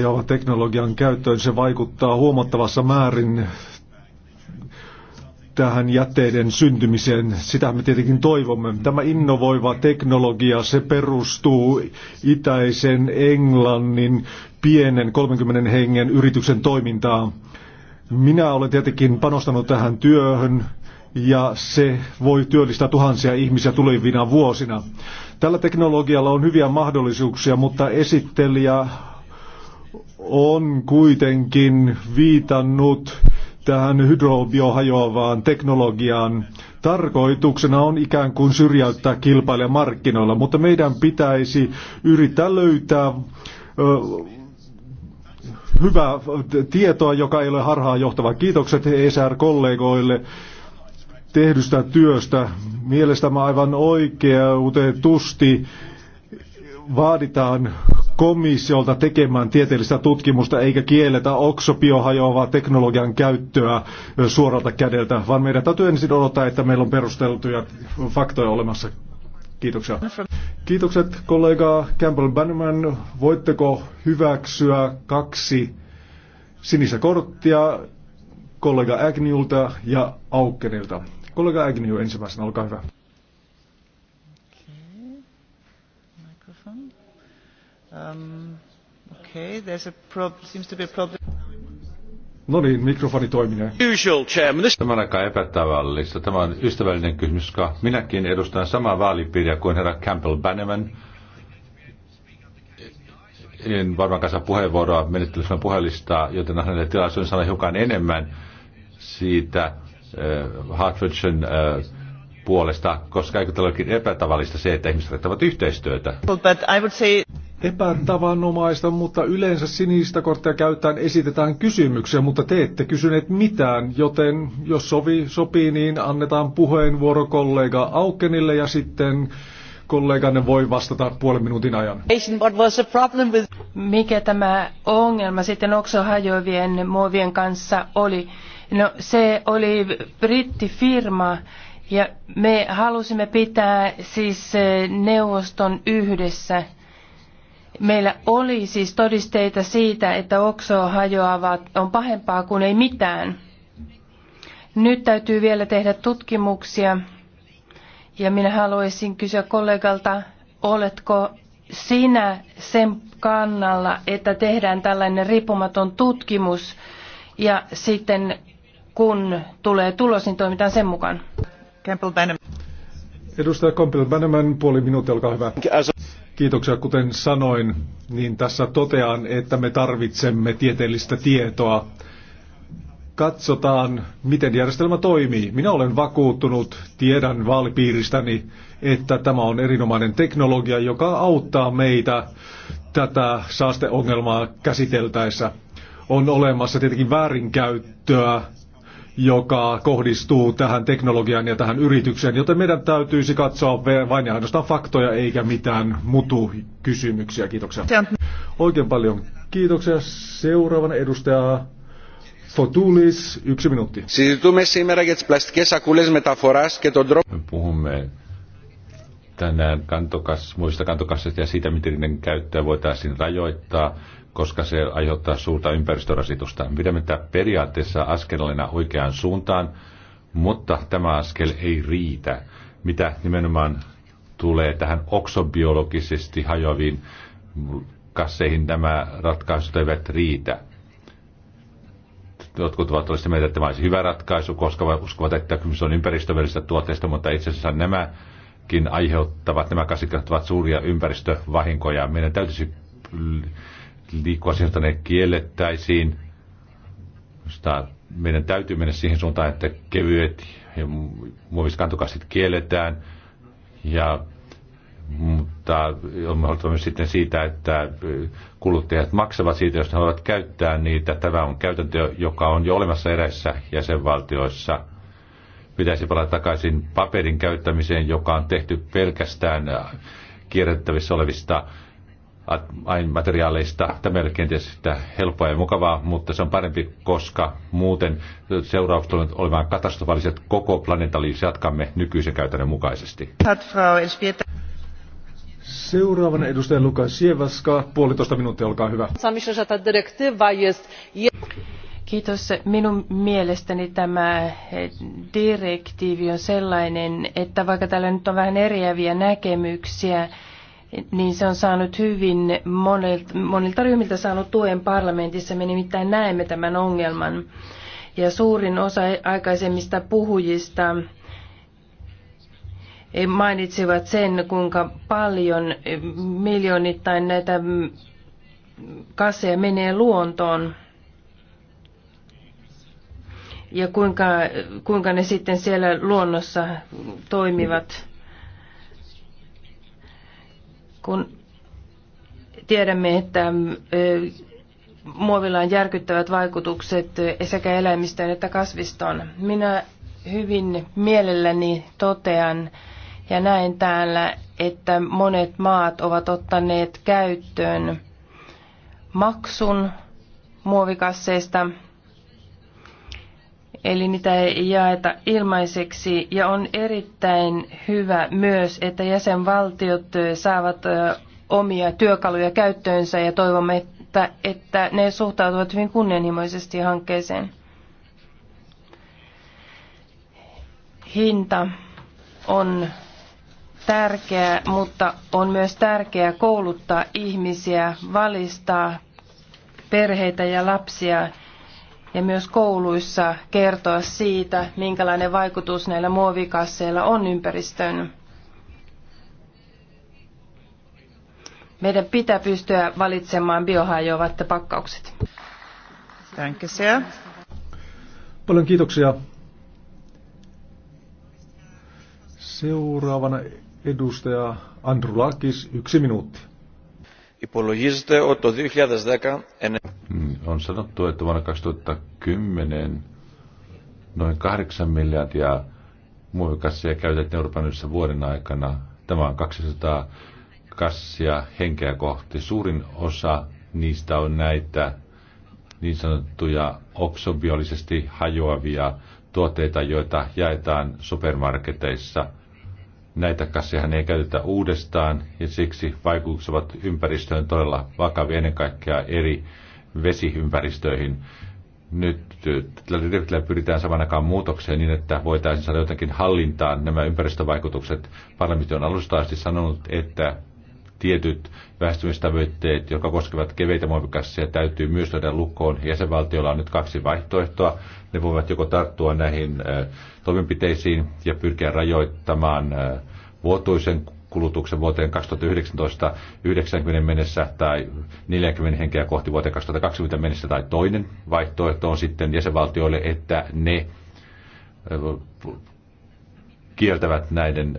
ja teknologian käyttöön se vaikuttaa huomattavassa määrin tähän jätteiden syntymiseen. Sitä me tietenkin toivomme. Tämä innovoiva teknologia, se perustuu itäisen Englannin pienen 30 hengen yrityksen toimintaan. Minä olen tietenkin panostanut tähän työhön ja se voi työllistää tuhansia ihmisiä tulevina vuosina. Tällä teknologialla on hyviä mahdollisuuksia, mutta esittelijä on kuitenkin viitannut tähän hydrobiohajoavaan teknologiaan. Tarkoituksena on ikään kuin syrjäyttää kilpailija markkinoilla, mutta meidän pitäisi yrittää löytää ö, hyvää tietoa, joka ei ole harhaan johtava. Kiitokset ESR-kollegoille tehdystä työstä. Mielestäni aivan oikea, utetusti vaaditaan komissiolta tekemään tieteellistä tutkimusta eikä kielletä oksopiohajoavaa teknologian käyttöä suoralta kädeltä, vaan meidän täytyy ensin odottaa, että meillä on perusteltuja faktoja olemassa. Kiitoksia. Kiitokset kollega Campbell Bannerman. Voitteko hyväksyä kaksi sinistä korttia kollega Agnilta ja Aukkenilta? Kollega Agnew ensimmäisenä, olkaa hyvä. Um, no niin, mikrofoni toiminee. Usual chairman. Tämä on aika epätavallista. Tämä on ystävällinen kysymys, koska minäkin edustan samaa vaalipiiriä kuin herra Campbell Bannerman. En varmaan kanssa puheenvuoroa menettelyssä puhelistaa, joten hänelle tilaisuuden sanoa hiukan enemmän siitä, Äh, äh, puolesta, koska eikö olekin epätavallista se, että ihmiset rettävät yhteistyötä? Say... Epätavanomaista, mutta yleensä sinistä korttia käyttäen esitetään kysymyksiä, mutta te ette kysyneet mitään, joten jos sovi, sopii, niin annetaan puheenvuoro kollega Aukenille ja sitten kolleganne voi vastata puolen minuutin ajan. Mikä tämä ongelma sitten oksohajoivien muovien kanssa oli? No se oli brittifirma ja me halusimme pitää siis eh, neuvoston yhdessä. Meillä oli siis todisteita siitä, että oksoa hajoavat on pahempaa kuin ei mitään. Nyt täytyy vielä tehdä tutkimuksia ja minä haluaisin kysyä kollegalta, oletko sinä sen kannalla, että tehdään tällainen riippumaton tutkimus ja sitten kun tulee tulos, niin toimitaan sen mukaan. Edustaja kompil Bannerman, puoli minuuttia, olkaa hyvä. Kiitoksia. Kuten sanoin, niin tässä totean, että me tarvitsemme tieteellistä tietoa. Katsotaan, miten järjestelmä toimii. Minä olen vakuuttunut, tiedän vaalipiiristäni, että tämä on erinomainen teknologia, joka auttaa meitä tätä saasteongelmaa käsiteltäessä. On olemassa tietenkin väärinkäyttöä joka kohdistuu tähän teknologiaan ja tähän yritykseen, joten meidän täytyisi katsoa vain ja ainoastaan faktoja eikä mitään mutukysymyksiä. Kiitoksia. Oikein paljon kiitoksia. Seuraavana edustaja Fotulis, yksi minuutti. Συζητούμε σήμερα για τις πλαστικές Puhumme tänään kantokas, muista kantokasseista ja siitä, miten niiden käyttöä voitaisiin rajoittaa koska se aiheuttaa suurta ympäristörasitusta. Pidämme tämä periaatteessa askelina oikeaan suuntaan, mutta tämä askel ei riitä. Mitä nimenomaan tulee tähän oksobiologisesti hajoaviin kasseihin, nämä ratkaisut eivät riitä. Jotkut ovat olleet mieltä, että tämä olisi hyvä ratkaisu, koska uskovat, että se on ympäristövällisestä tuotteesta, mutta itse asiassa nämäkin aiheuttavat, nämä kasvit aiheuttavat suuria ympäristövahinkoja. Meidän täytyisi liikkua siihen, että ne kiellettäisiin. Sitä meidän täytyy mennä siihen suuntaan, että kevyet ja muoviskantokassit kielletään. Ja, mutta on mahdollista myös sitten siitä, että kuluttajat maksavat siitä, jos ne haluavat käyttää niitä. Tämä on käytäntö, joka on jo olemassa eräissä jäsenvaltioissa – pitäisi palata takaisin paperin käyttämiseen, joka on tehty pelkästään kierrettävissä olevista materiaaleista. Tämä ei ole kenties sitä helppoa ja mukavaa, mutta se on parempi, koska muuten seuraukset olivat olemaan katastrofaaliset koko planeetalle, jos jatkamme nykyisen käytännön mukaisesti. Seuraavan edustaja Lukas Sievaska, puolitoista minuuttia, olkaa hyvä. Kiitos. Minun mielestäni tämä eh, direktiivi on sellainen, että vaikka täällä nyt on vähän eriäviä näkemyksiä, niin se on saanut hyvin monilta, monilta ryhmiltä saanut tuen parlamentissa. Me nimittäin näemme tämän ongelman. Ja suurin osa aikaisemmista puhujista eh, mainitsivat sen, kuinka paljon eh, miljoonittain näitä mm, kasseja menee luontoon ja kuinka, kuinka ne sitten siellä luonnossa toimivat kun tiedämme, että muovilla on järkyttävät vaikutukset sekä eläimistöön että kasvistoon. Minä hyvin mielelläni totean ja näen täällä, että monet maat ovat ottaneet käyttöön maksun muovikasseista – eli niitä ei jaeta ilmaiseksi. Ja on erittäin hyvä myös, että jäsenvaltiot saavat omia työkaluja käyttöönsä ja toivomme, että, että ne suhtautuvat hyvin kunnianhimoisesti hankkeeseen. Hinta on tärkeä, mutta on myös tärkeää kouluttaa ihmisiä, valistaa perheitä ja lapsia ja myös kouluissa kertoa siitä, minkälainen vaikutus näillä muovikasseilla on ympäristöön. Meidän pitää pystyä valitsemaan biohajoavat pakkaukset. Paljon kiitoksia. Seuraavana edustaja Andrulakis, yksi minuutti. Υπολογίζεται ότι το 2010... On sanottu, että vuonna 2010 noin 8 miljardia muovikassia käytettiin Euroopan yhdessä vuoden aikana. Tämä on 200 kassia henkeä kohti. Suurin osa niistä on näitä niin sanottuja oksobiolisesti hajoavia tuotteita, joita jaetaan supermarketeissa – Näitä kasseja ei käytetä uudestaan ja siksi vaikutukset ympäristöön todella vakavia, ennen kaikkea eri vesiympäristöihin. Nyt tällä äh, direktiivillä pyritään aikaan muutokseen niin, että voitaisiin saada jotenkin hallintaan nämä ympäristövaikutukset. Parlamentti on alusta asti sanonut, että tietyt väestymistavoitteet, jotka koskevat keveitä muovikasseja, täytyy myös löydä lukkoon. Jäsenvaltiolla on nyt kaksi vaihtoehtoa. Ne voivat joko tarttua näihin toimenpiteisiin ja pyrkiä rajoittamaan vuotuisen kulutuksen vuoteen 2019 90 mennessä tai 40 henkeä kohti vuoteen 2020 mennessä tai toinen vaihtoehto on sitten jäsenvaltioille, että ne kieltävät näiden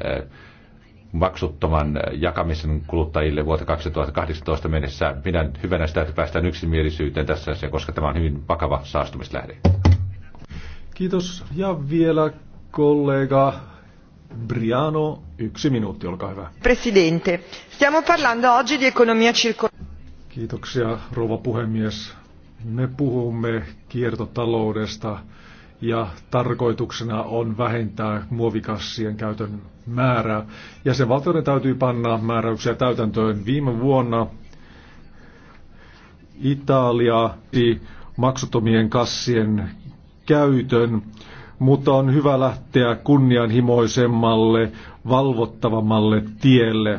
maksuttoman jakamisen kuluttajille vuoteen 2018 mennessä. Pidän hyvänä sitä, että päästään yksimielisyyteen tässä asiassa, koska tämä on hyvin vakava saastumislähde. Kiitos. Ja vielä kollega Briano, yksi minuutti, olkaa hyvä. Presidente, stiamo parlando oggi di economia circolare. Kiitoksia, rouva puhemies. Me puhumme kiertotaloudesta ja tarkoituksena on vähentää muovikassien käytön määrää. Jäsenvaltioiden täytyy panna määräyksiä täytäntöön. Viime vuonna Italia maksuttomien kassien käytön, mutta on hyvä lähteä kunnianhimoisemmalle, valvottavammalle tielle.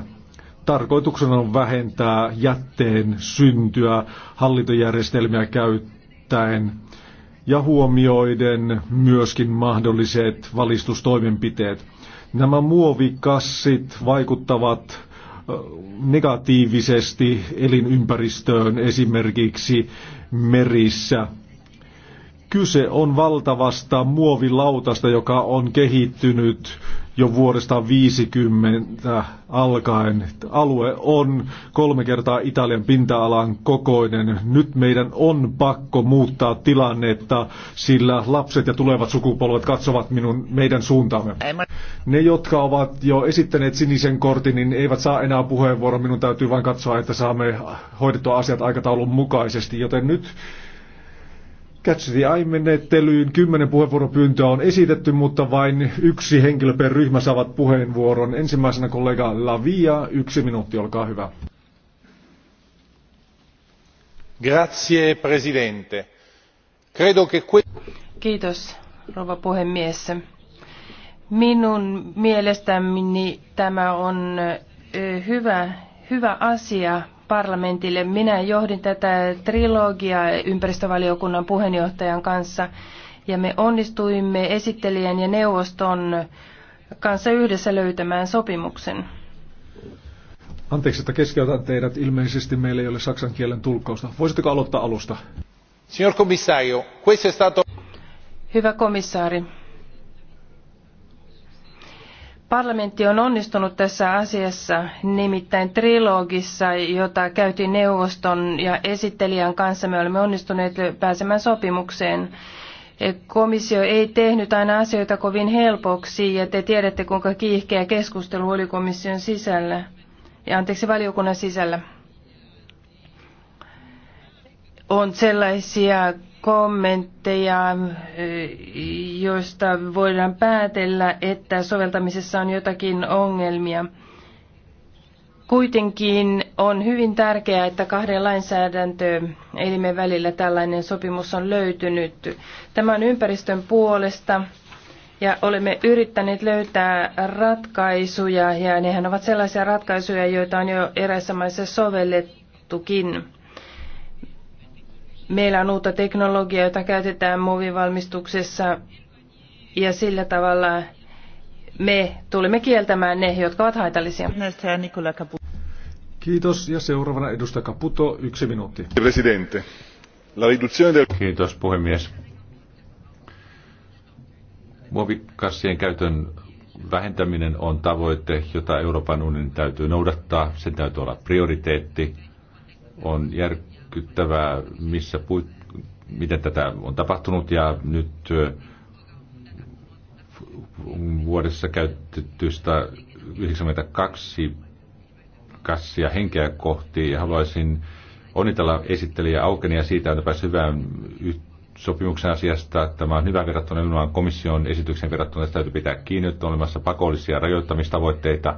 Tarkoituksena on vähentää jätteen syntyä hallintojärjestelmiä käyttäen ja huomioiden myöskin mahdolliset valistustoimenpiteet. Nämä muovikassit vaikuttavat negatiivisesti elinympäristöön esimerkiksi merissä. Kyse on valtavasta muovilautasta, joka on kehittynyt jo vuodesta 50 alkaen. Alue on kolme kertaa Italian pinta-alan kokoinen. Nyt meidän on pakko muuttaa tilannetta, sillä lapset ja tulevat sukupolvet katsovat minun, meidän suuntaamme. Ne, jotka ovat jo esittäneet sinisen kortin, niin eivät saa enää puheenvuoroa. Minun täytyy vain katsoa, että saamme hoidettua asiat aikataulun mukaisesti, joten nyt Catch the Eye-menettelyyn kymmenen puheenvuoropyyntöä on esitetty, mutta vain yksi henkilö per ryhmä saavat puheenvuoron. Ensimmäisenä kollega Lavia, yksi minuutti, olkaa hyvä. Grazie, presidente. Credo che que... Kiitos, rouva puhemies. Minun mielestäni tämä on hyvä, hyvä asia parlamentille. Minä johdin tätä trilogiaa ympäristövaliokunnan puheenjohtajan kanssa ja me onnistuimme esittelijän ja neuvoston kanssa yhdessä löytämään sopimuksen. Anteeksi, että keskeytän teidät. Ilmeisesti meillä ei ole saksan kielen tulkkausta. Voisitteko aloittaa alusta? Signor commissario, questo è stato... Hyvä komissaari, Parlamentti on onnistunut tässä asiassa, nimittäin trilogissa, jota käytiin neuvoston ja esittelijän kanssa. Me olemme onnistuneet pääsemään sopimukseen. Komissio ei tehnyt aina asioita kovin helpoksi ja te tiedätte, kuinka kiihkeä keskustelu oli komission sisällä ja anteeksi valiokunnan sisällä on sellaisia kommentteja, joista voidaan päätellä, että soveltamisessa on jotakin ongelmia. Kuitenkin on hyvin tärkeää, että kahden lainsäädäntöelimen välillä tällainen sopimus on löytynyt. Tämä on ympäristön puolesta ja olemme yrittäneet löytää ratkaisuja ja nehän ovat sellaisia ratkaisuja, joita on jo eräissä maissa sovellettukin. Meillä on uutta teknologiaa, jota käytetään muovivalmistuksessa ja sillä tavalla me tulemme kieltämään ne, jotka ovat haitallisia. Kiitos ja seuraavana edustaja Caputo, yksi minuutti. Presidente. Kiitos puhemies. Muovikassien käytön vähentäminen on tavoite, jota Euroopan unionin täytyy noudattaa. Sen täytyy olla prioriteetti. On järkeä järkyttävää, missä puit, miten tätä on tapahtunut ja nyt vuodessa käytettyistä 92 kassia henkeä kohti ja haluaisin onnitella esittelijä Aukenia siitä, että pääsi hyvään sopimuksen asiasta. Tämä on hyvä verrattuna ilman komission esityksen verrattuna, että täytyy pitää kiinni, että on olemassa pakollisia rajoittamistavoitteita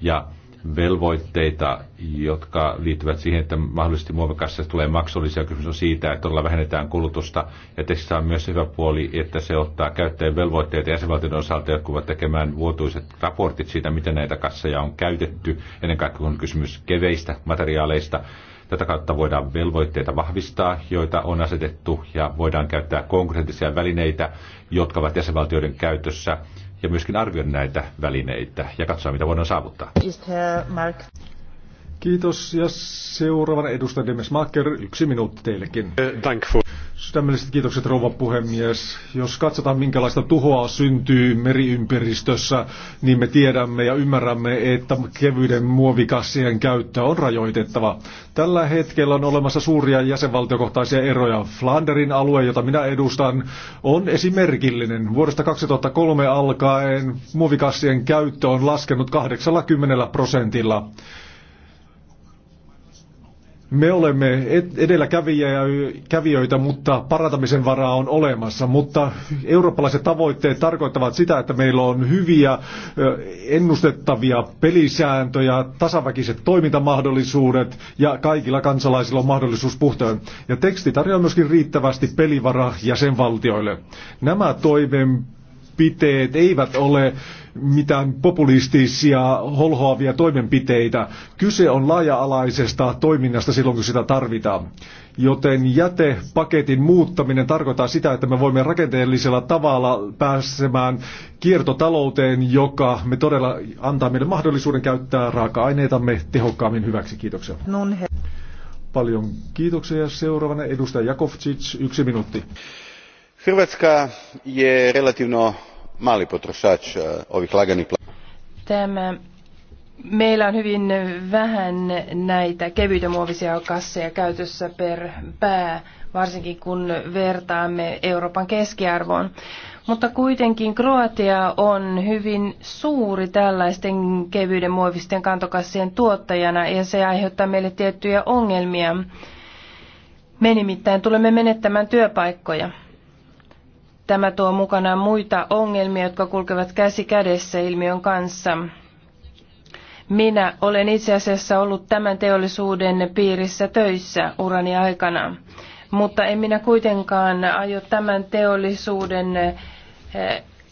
ja velvoitteita, jotka liittyvät siihen, että mahdollisesti muovikassa tulee maksullisia. Kysymys on siitä, että todella vähennetään kulutusta. Ja tässä on myös hyvä puoli, että se ottaa käyttäjän velvoitteita jäsenvaltioiden osalta, jotka ovat tekemään vuotuiset raportit siitä, miten näitä kasseja on käytetty. Ennen kaikkea on kysymys keveistä materiaaleista. Tätä kautta voidaan velvoitteita vahvistaa, joita on asetettu, ja voidaan käyttää konkreettisia välineitä, jotka ovat jäsenvaltioiden käytössä ja myöskin arvioida näitä välineitä ja katsoa, mitä voidaan saavuttaa. Mark. Kiitos ja seuraavan edustaja Demes Macker, yksi minuutti teillekin. Thankful. Sydämelliset kiitokset rouva puhemies. Jos katsotaan minkälaista tuhoa syntyy meriympäristössä, niin me tiedämme ja ymmärrämme, että kevyiden muovikassien käyttö on rajoitettava. Tällä hetkellä on olemassa suuria jäsenvaltiokohtaisia eroja. Flanderin alue, jota minä edustan, on esimerkillinen. Vuodesta 2003 alkaen muovikassien käyttö on laskenut 80 prosentilla. Me olemme edelläkävijöitä, mutta parantamisen varaa on olemassa. Mutta eurooppalaiset tavoitteet tarkoittavat sitä, että meillä on hyviä, ennustettavia pelisääntöjä, tasaväkiset toimintamahdollisuudet ja kaikilla kansalaisilla on mahdollisuus puhtaan. Ja teksti tarjoaa myöskin riittävästi pelivaraa jäsenvaltioille. Nämä toimenpiteet eivät ole mitään populistisia holhoavia toimenpiteitä. Kyse on laaja-alaisesta toiminnasta silloin, kun sitä tarvitaan. Joten jätepaketin muuttaminen tarkoittaa sitä, että me voimme rakenteellisella tavalla pääsemään kiertotalouteen, joka me todella antaa meille mahdollisuuden käyttää raaka-aineitamme tehokkaammin hyväksi. Kiitoksia. Paljon kiitoksia. Seuraavana edustaja Jakovcic, yksi minuutti. Hrvatska je relativno mali potrošač e, ovih laganih Tämä Meillä on hyvin vähän näitä kevyitä muovisia kasseja käytössä per pää, varsinkin kun vertaamme Euroopan keskiarvoon. Mutta kuitenkin Kroatia on hyvin suuri tällaisten kevyiden muovisten kantokassien tuottajana ja se aiheuttaa meille tiettyjä ongelmia. Me nimittäin tulemme menettämään työpaikkoja. Tämä tuo mukanaan muita ongelmia, jotka kulkevat käsi kädessä ilmiön kanssa. Minä olen itse asiassa ollut tämän teollisuuden piirissä töissä urani aikana, mutta en minä kuitenkaan aio tämän teollisuuden eh,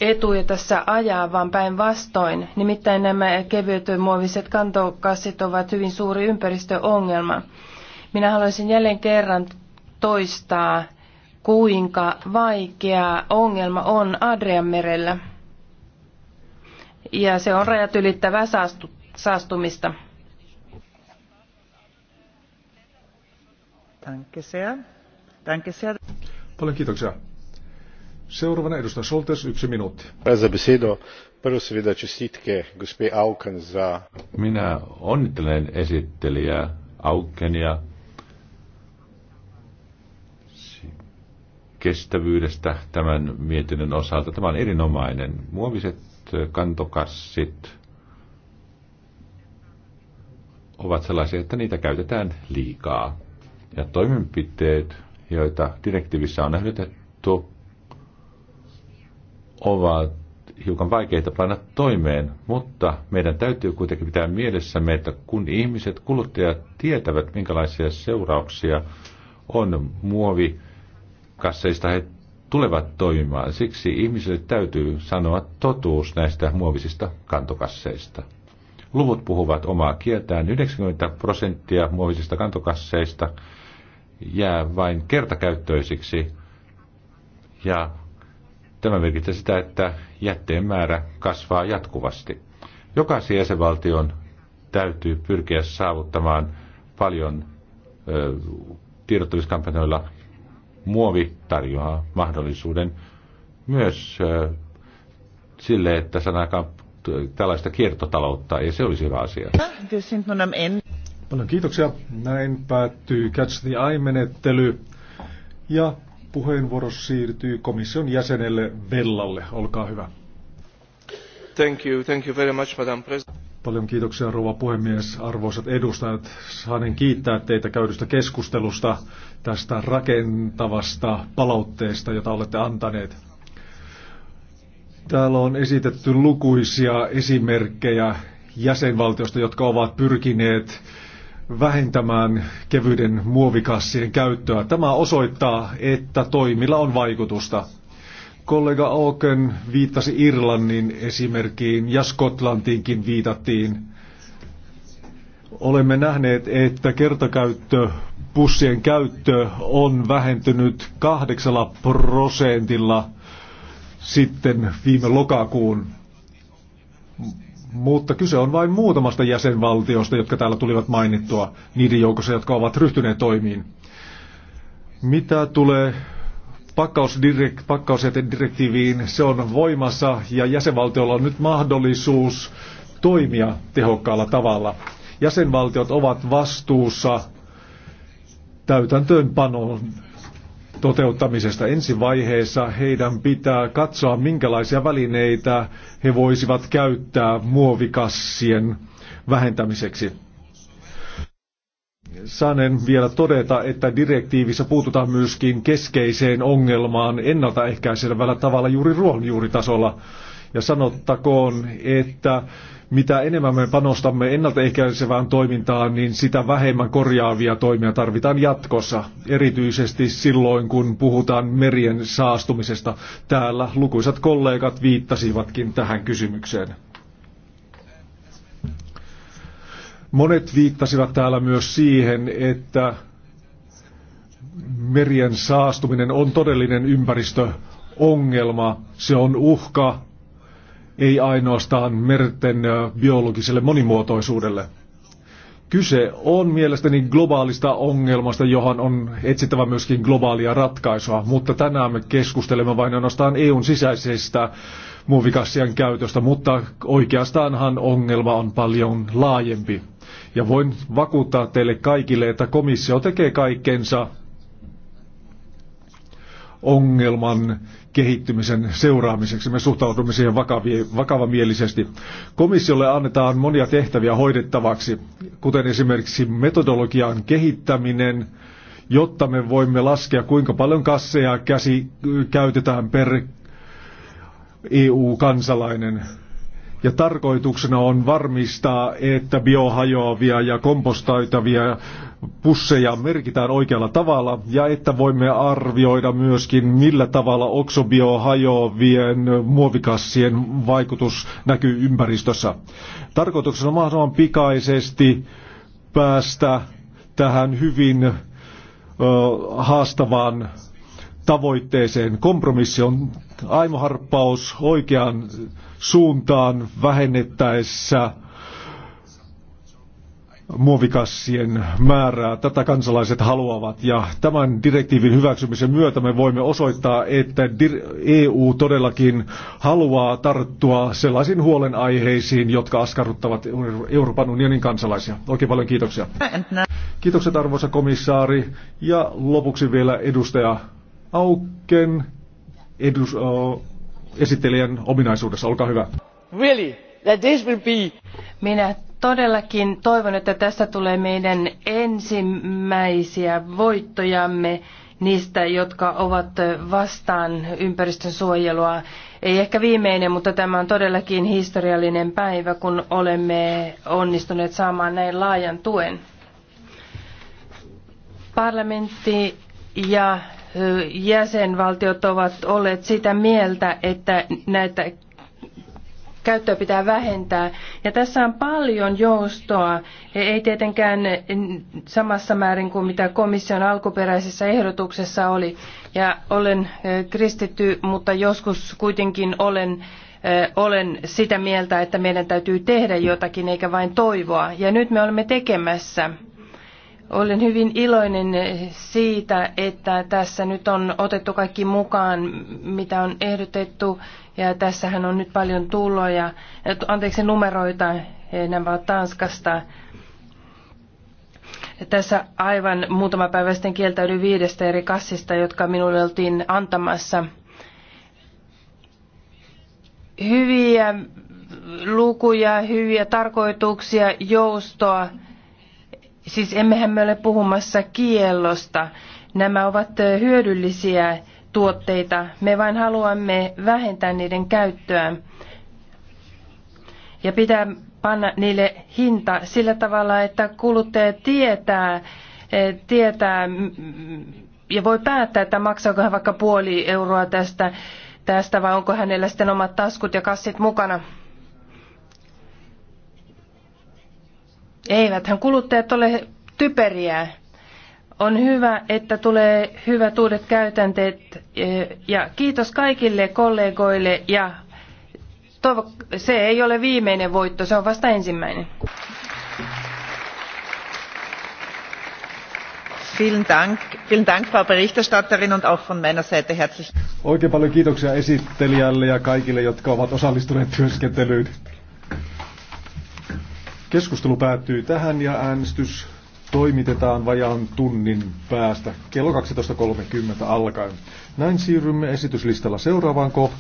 etuja tässä ajaa, vaan päinvastoin. Nimittäin nämä kevyet muoviset kantokassit ovat hyvin suuri ympäristöongelma. Minä haluaisin jälleen kerran toistaa kuinka vaikea ongelma on Adrian merellä Ja se on rajat ylittävää saastu, saastumista. Paljon kiitoksia. Seuraavana edustaja Soltes, yksi minuutti. Minä onnittelen esittelijää Aukenia kestävyydestä tämän mietinnön osalta. Tämä on erinomainen. Muoviset kantokassit ovat sellaisia, että niitä käytetään liikaa. Ja toimenpiteet, joita direktiivissä on ehdotettu, ovat hiukan vaikeita panna toimeen, mutta meidän täytyy kuitenkin pitää mielessämme, että kun ihmiset, kuluttajat tietävät, minkälaisia seurauksia on muovi kasseista he tulevat toimimaan. Siksi ihmisille täytyy sanoa totuus näistä muovisista kantokasseista. Luvut puhuvat omaa kieltään. 90 prosenttia muovisista kantokasseista jää vain kertakäyttöisiksi. Ja tämä merkitsee sitä, että jätteen määrä kasvaa jatkuvasti. Jokaisen jäsenvaltion täytyy pyrkiä saavuttamaan paljon tiedottamiskampanjoilla muovi tarjoaa mahdollisuuden myös sille, että sanakaan tällaista kiertotaloutta, ja se olisi hyvä asia. Paljon kiitoksia. Näin päättyy Catch the Eye-menettely. Ja puheenvuoro siirtyy komission jäsenelle Vellalle. Olkaa hyvä. Thank you, thank you very much, Madam President. Paljon kiitoksia rouva puhemies, arvoisat edustajat. Saanen kiittää teitä käydystä keskustelusta tästä rakentavasta palautteesta, jota olette antaneet. Täällä on esitetty lukuisia esimerkkejä jäsenvaltioista, jotka ovat pyrkineet vähentämään kevyiden muovikassien käyttöä. Tämä osoittaa, että toimilla on vaikutusta. Kollega Oken viittasi Irlannin esimerkkiin ja Skotlantiinkin viitattiin. Olemme nähneet, että kertakäyttö pussien käyttö on vähentynyt kahdeksalla prosentilla sitten viime lokakuun. Mutta kyse on vain muutamasta jäsenvaltiosta, jotka täällä tulivat mainittua, niiden joukossa, jotka ovat ryhtyneet toimiin. Mitä tulee pakkausdirekt, pakkausjätedirektiiviin. Se on voimassa ja jäsenvaltiolla on nyt mahdollisuus toimia tehokkaalla tavalla. Jäsenvaltiot ovat vastuussa täytäntöönpanon toteuttamisesta ensi vaiheessa heidän pitää katsoa, minkälaisia välineitä he voisivat käyttää muovikassien vähentämiseksi saanen vielä todeta, että direktiivissä puututaan myöskin keskeiseen ongelmaan ennaltaehkäisevällä tavalla juuri ruohonjuuritasolla. Ja sanottakoon, että mitä enemmän me panostamme ennaltaehkäisevään toimintaan, niin sitä vähemmän korjaavia toimia tarvitaan jatkossa, erityisesti silloin, kun puhutaan merien saastumisesta. Täällä lukuisat kollegat viittasivatkin tähän kysymykseen. Monet viittasivat täällä myös siihen, että merien saastuminen on todellinen ympäristöongelma. Se on uhka ei ainoastaan merten biologiselle monimuotoisuudelle. Kyse on mielestäni globaalista ongelmasta, johon on etsittävä myöskin globaalia ratkaisua, mutta tänään me keskustelemme vain ainoastaan EUn sisäisestä muovikassien käytöstä, mutta oikeastaanhan ongelma on paljon laajempi. Ja voin vakuuttaa teille kaikille, että komissio tekee kaikkensa ongelman kehittymisen seuraamiseksi. Me suhtaudumme siihen vakavamielisesti. Komissiolle annetaan monia tehtäviä hoidettavaksi, kuten esimerkiksi metodologian kehittäminen, jotta me voimme laskea, kuinka paljon kasseja käsi käytetään per EU-kansalainen ja tarkoituksena on varmistaa, että biohajoavia ja kompostoitavia pusseja merkitään oikealla tavalla ja että voimme arvioida myöskin, millä tavalla oksobiohajoavien muovikassien vaikutus näkyy ympäristössä. Tarkoituksena on mahdollisimman pikaisesti päästä tähän hyvin ö, haastavaan tavoitteeseen. Kompromissi on aimoharppaus oikeaan suuntaan vähennettäessä muovikassien määrää. Tätä kansalaiset haluavat ja tämän direktiivin hyväksymisen myötä me voimme osoittaa, että EU todellakin haluaa tarttua sellaisiin huolenaiheisiin, jotka askarruttavat Euroopan unionin kansalaisia. Oikein paljon kiitoksia. Kiitokset arvoisa komissaari ja lopuksi vielä edustaja Auken edus, oh, esittelijän ominaisuudessa. Olkaa hyvä. Really? That this will be... Minä todellakin toivon, että tästä tulee meidän ensimmäisiä voittojamme niistä, jotka ovat vastaan ympäristön suojelua. Ei ehkä viimeinen, mutta tämä on todellakin historiallinen päivä, kun olemme onnistuneet saamaan näin laajan tuen. Parlamentti ja jäsenvaltiot ovat olleet sitä mieltä, että näitä käyttöä pitää vähentää. Ja tässä on paljon joustoa, ei tietenkään samassa määrin kuin mitä komission alkuperäisessä ehdotuksessa oli. Ja olen kristitty, mutta joskus kuitenkin olen, olen sitä mieltä, että meidän täytyy tehdä jotakin eikä vain toivoa. Ja nyt me olemme tekemässä olen hyvin iloinen siitä, että tässä nyt on otettu kaikki mukaan, mitä on ehdotettu, ja tässähän on nyt paljon tuloja, anteeksi numeroita, nämä ovat Tanskasta. Tässä aivan muutama päivä sitten kieltäydyin viidestä eri kassista, jotka minulle oltiin antamassa. Hyviä lukuja, hyviä tarkoituksia, joustoa Siis emmehän me ole puhumassa kiellosta. Nämä ovat hyödyllisiä tuotteita. Me vain haluamme vähentää niiden käyttöä ja pitää panna niille hinta sillä tavalla, että kuluttaja tietää, tietää ja voi päättää, että maksaako hän vaikka puoli euroa tästä, tästä vai onko hänellä sitten omat taskut ja kassit mukana. Eiväthän kuluttajat ole typeriä. On hyvä, että tulee hyvät uudet käytänteet e, ja kiitos kaikille kollegoille ja toivo, se ei ole viimeinen voitto, se on vasta ensimmäinen. Oikein paljon kiitoksia esittelijälle ja kaikille, jotka ovat osallistuneet työskentelyyn. Keskustelu päättyy tähän ja äänestys toimitetaan vajaan tunnin päästä kello 12.30 alkaen. Näin siirrymme esityslistalla seuraavaan kohtaan.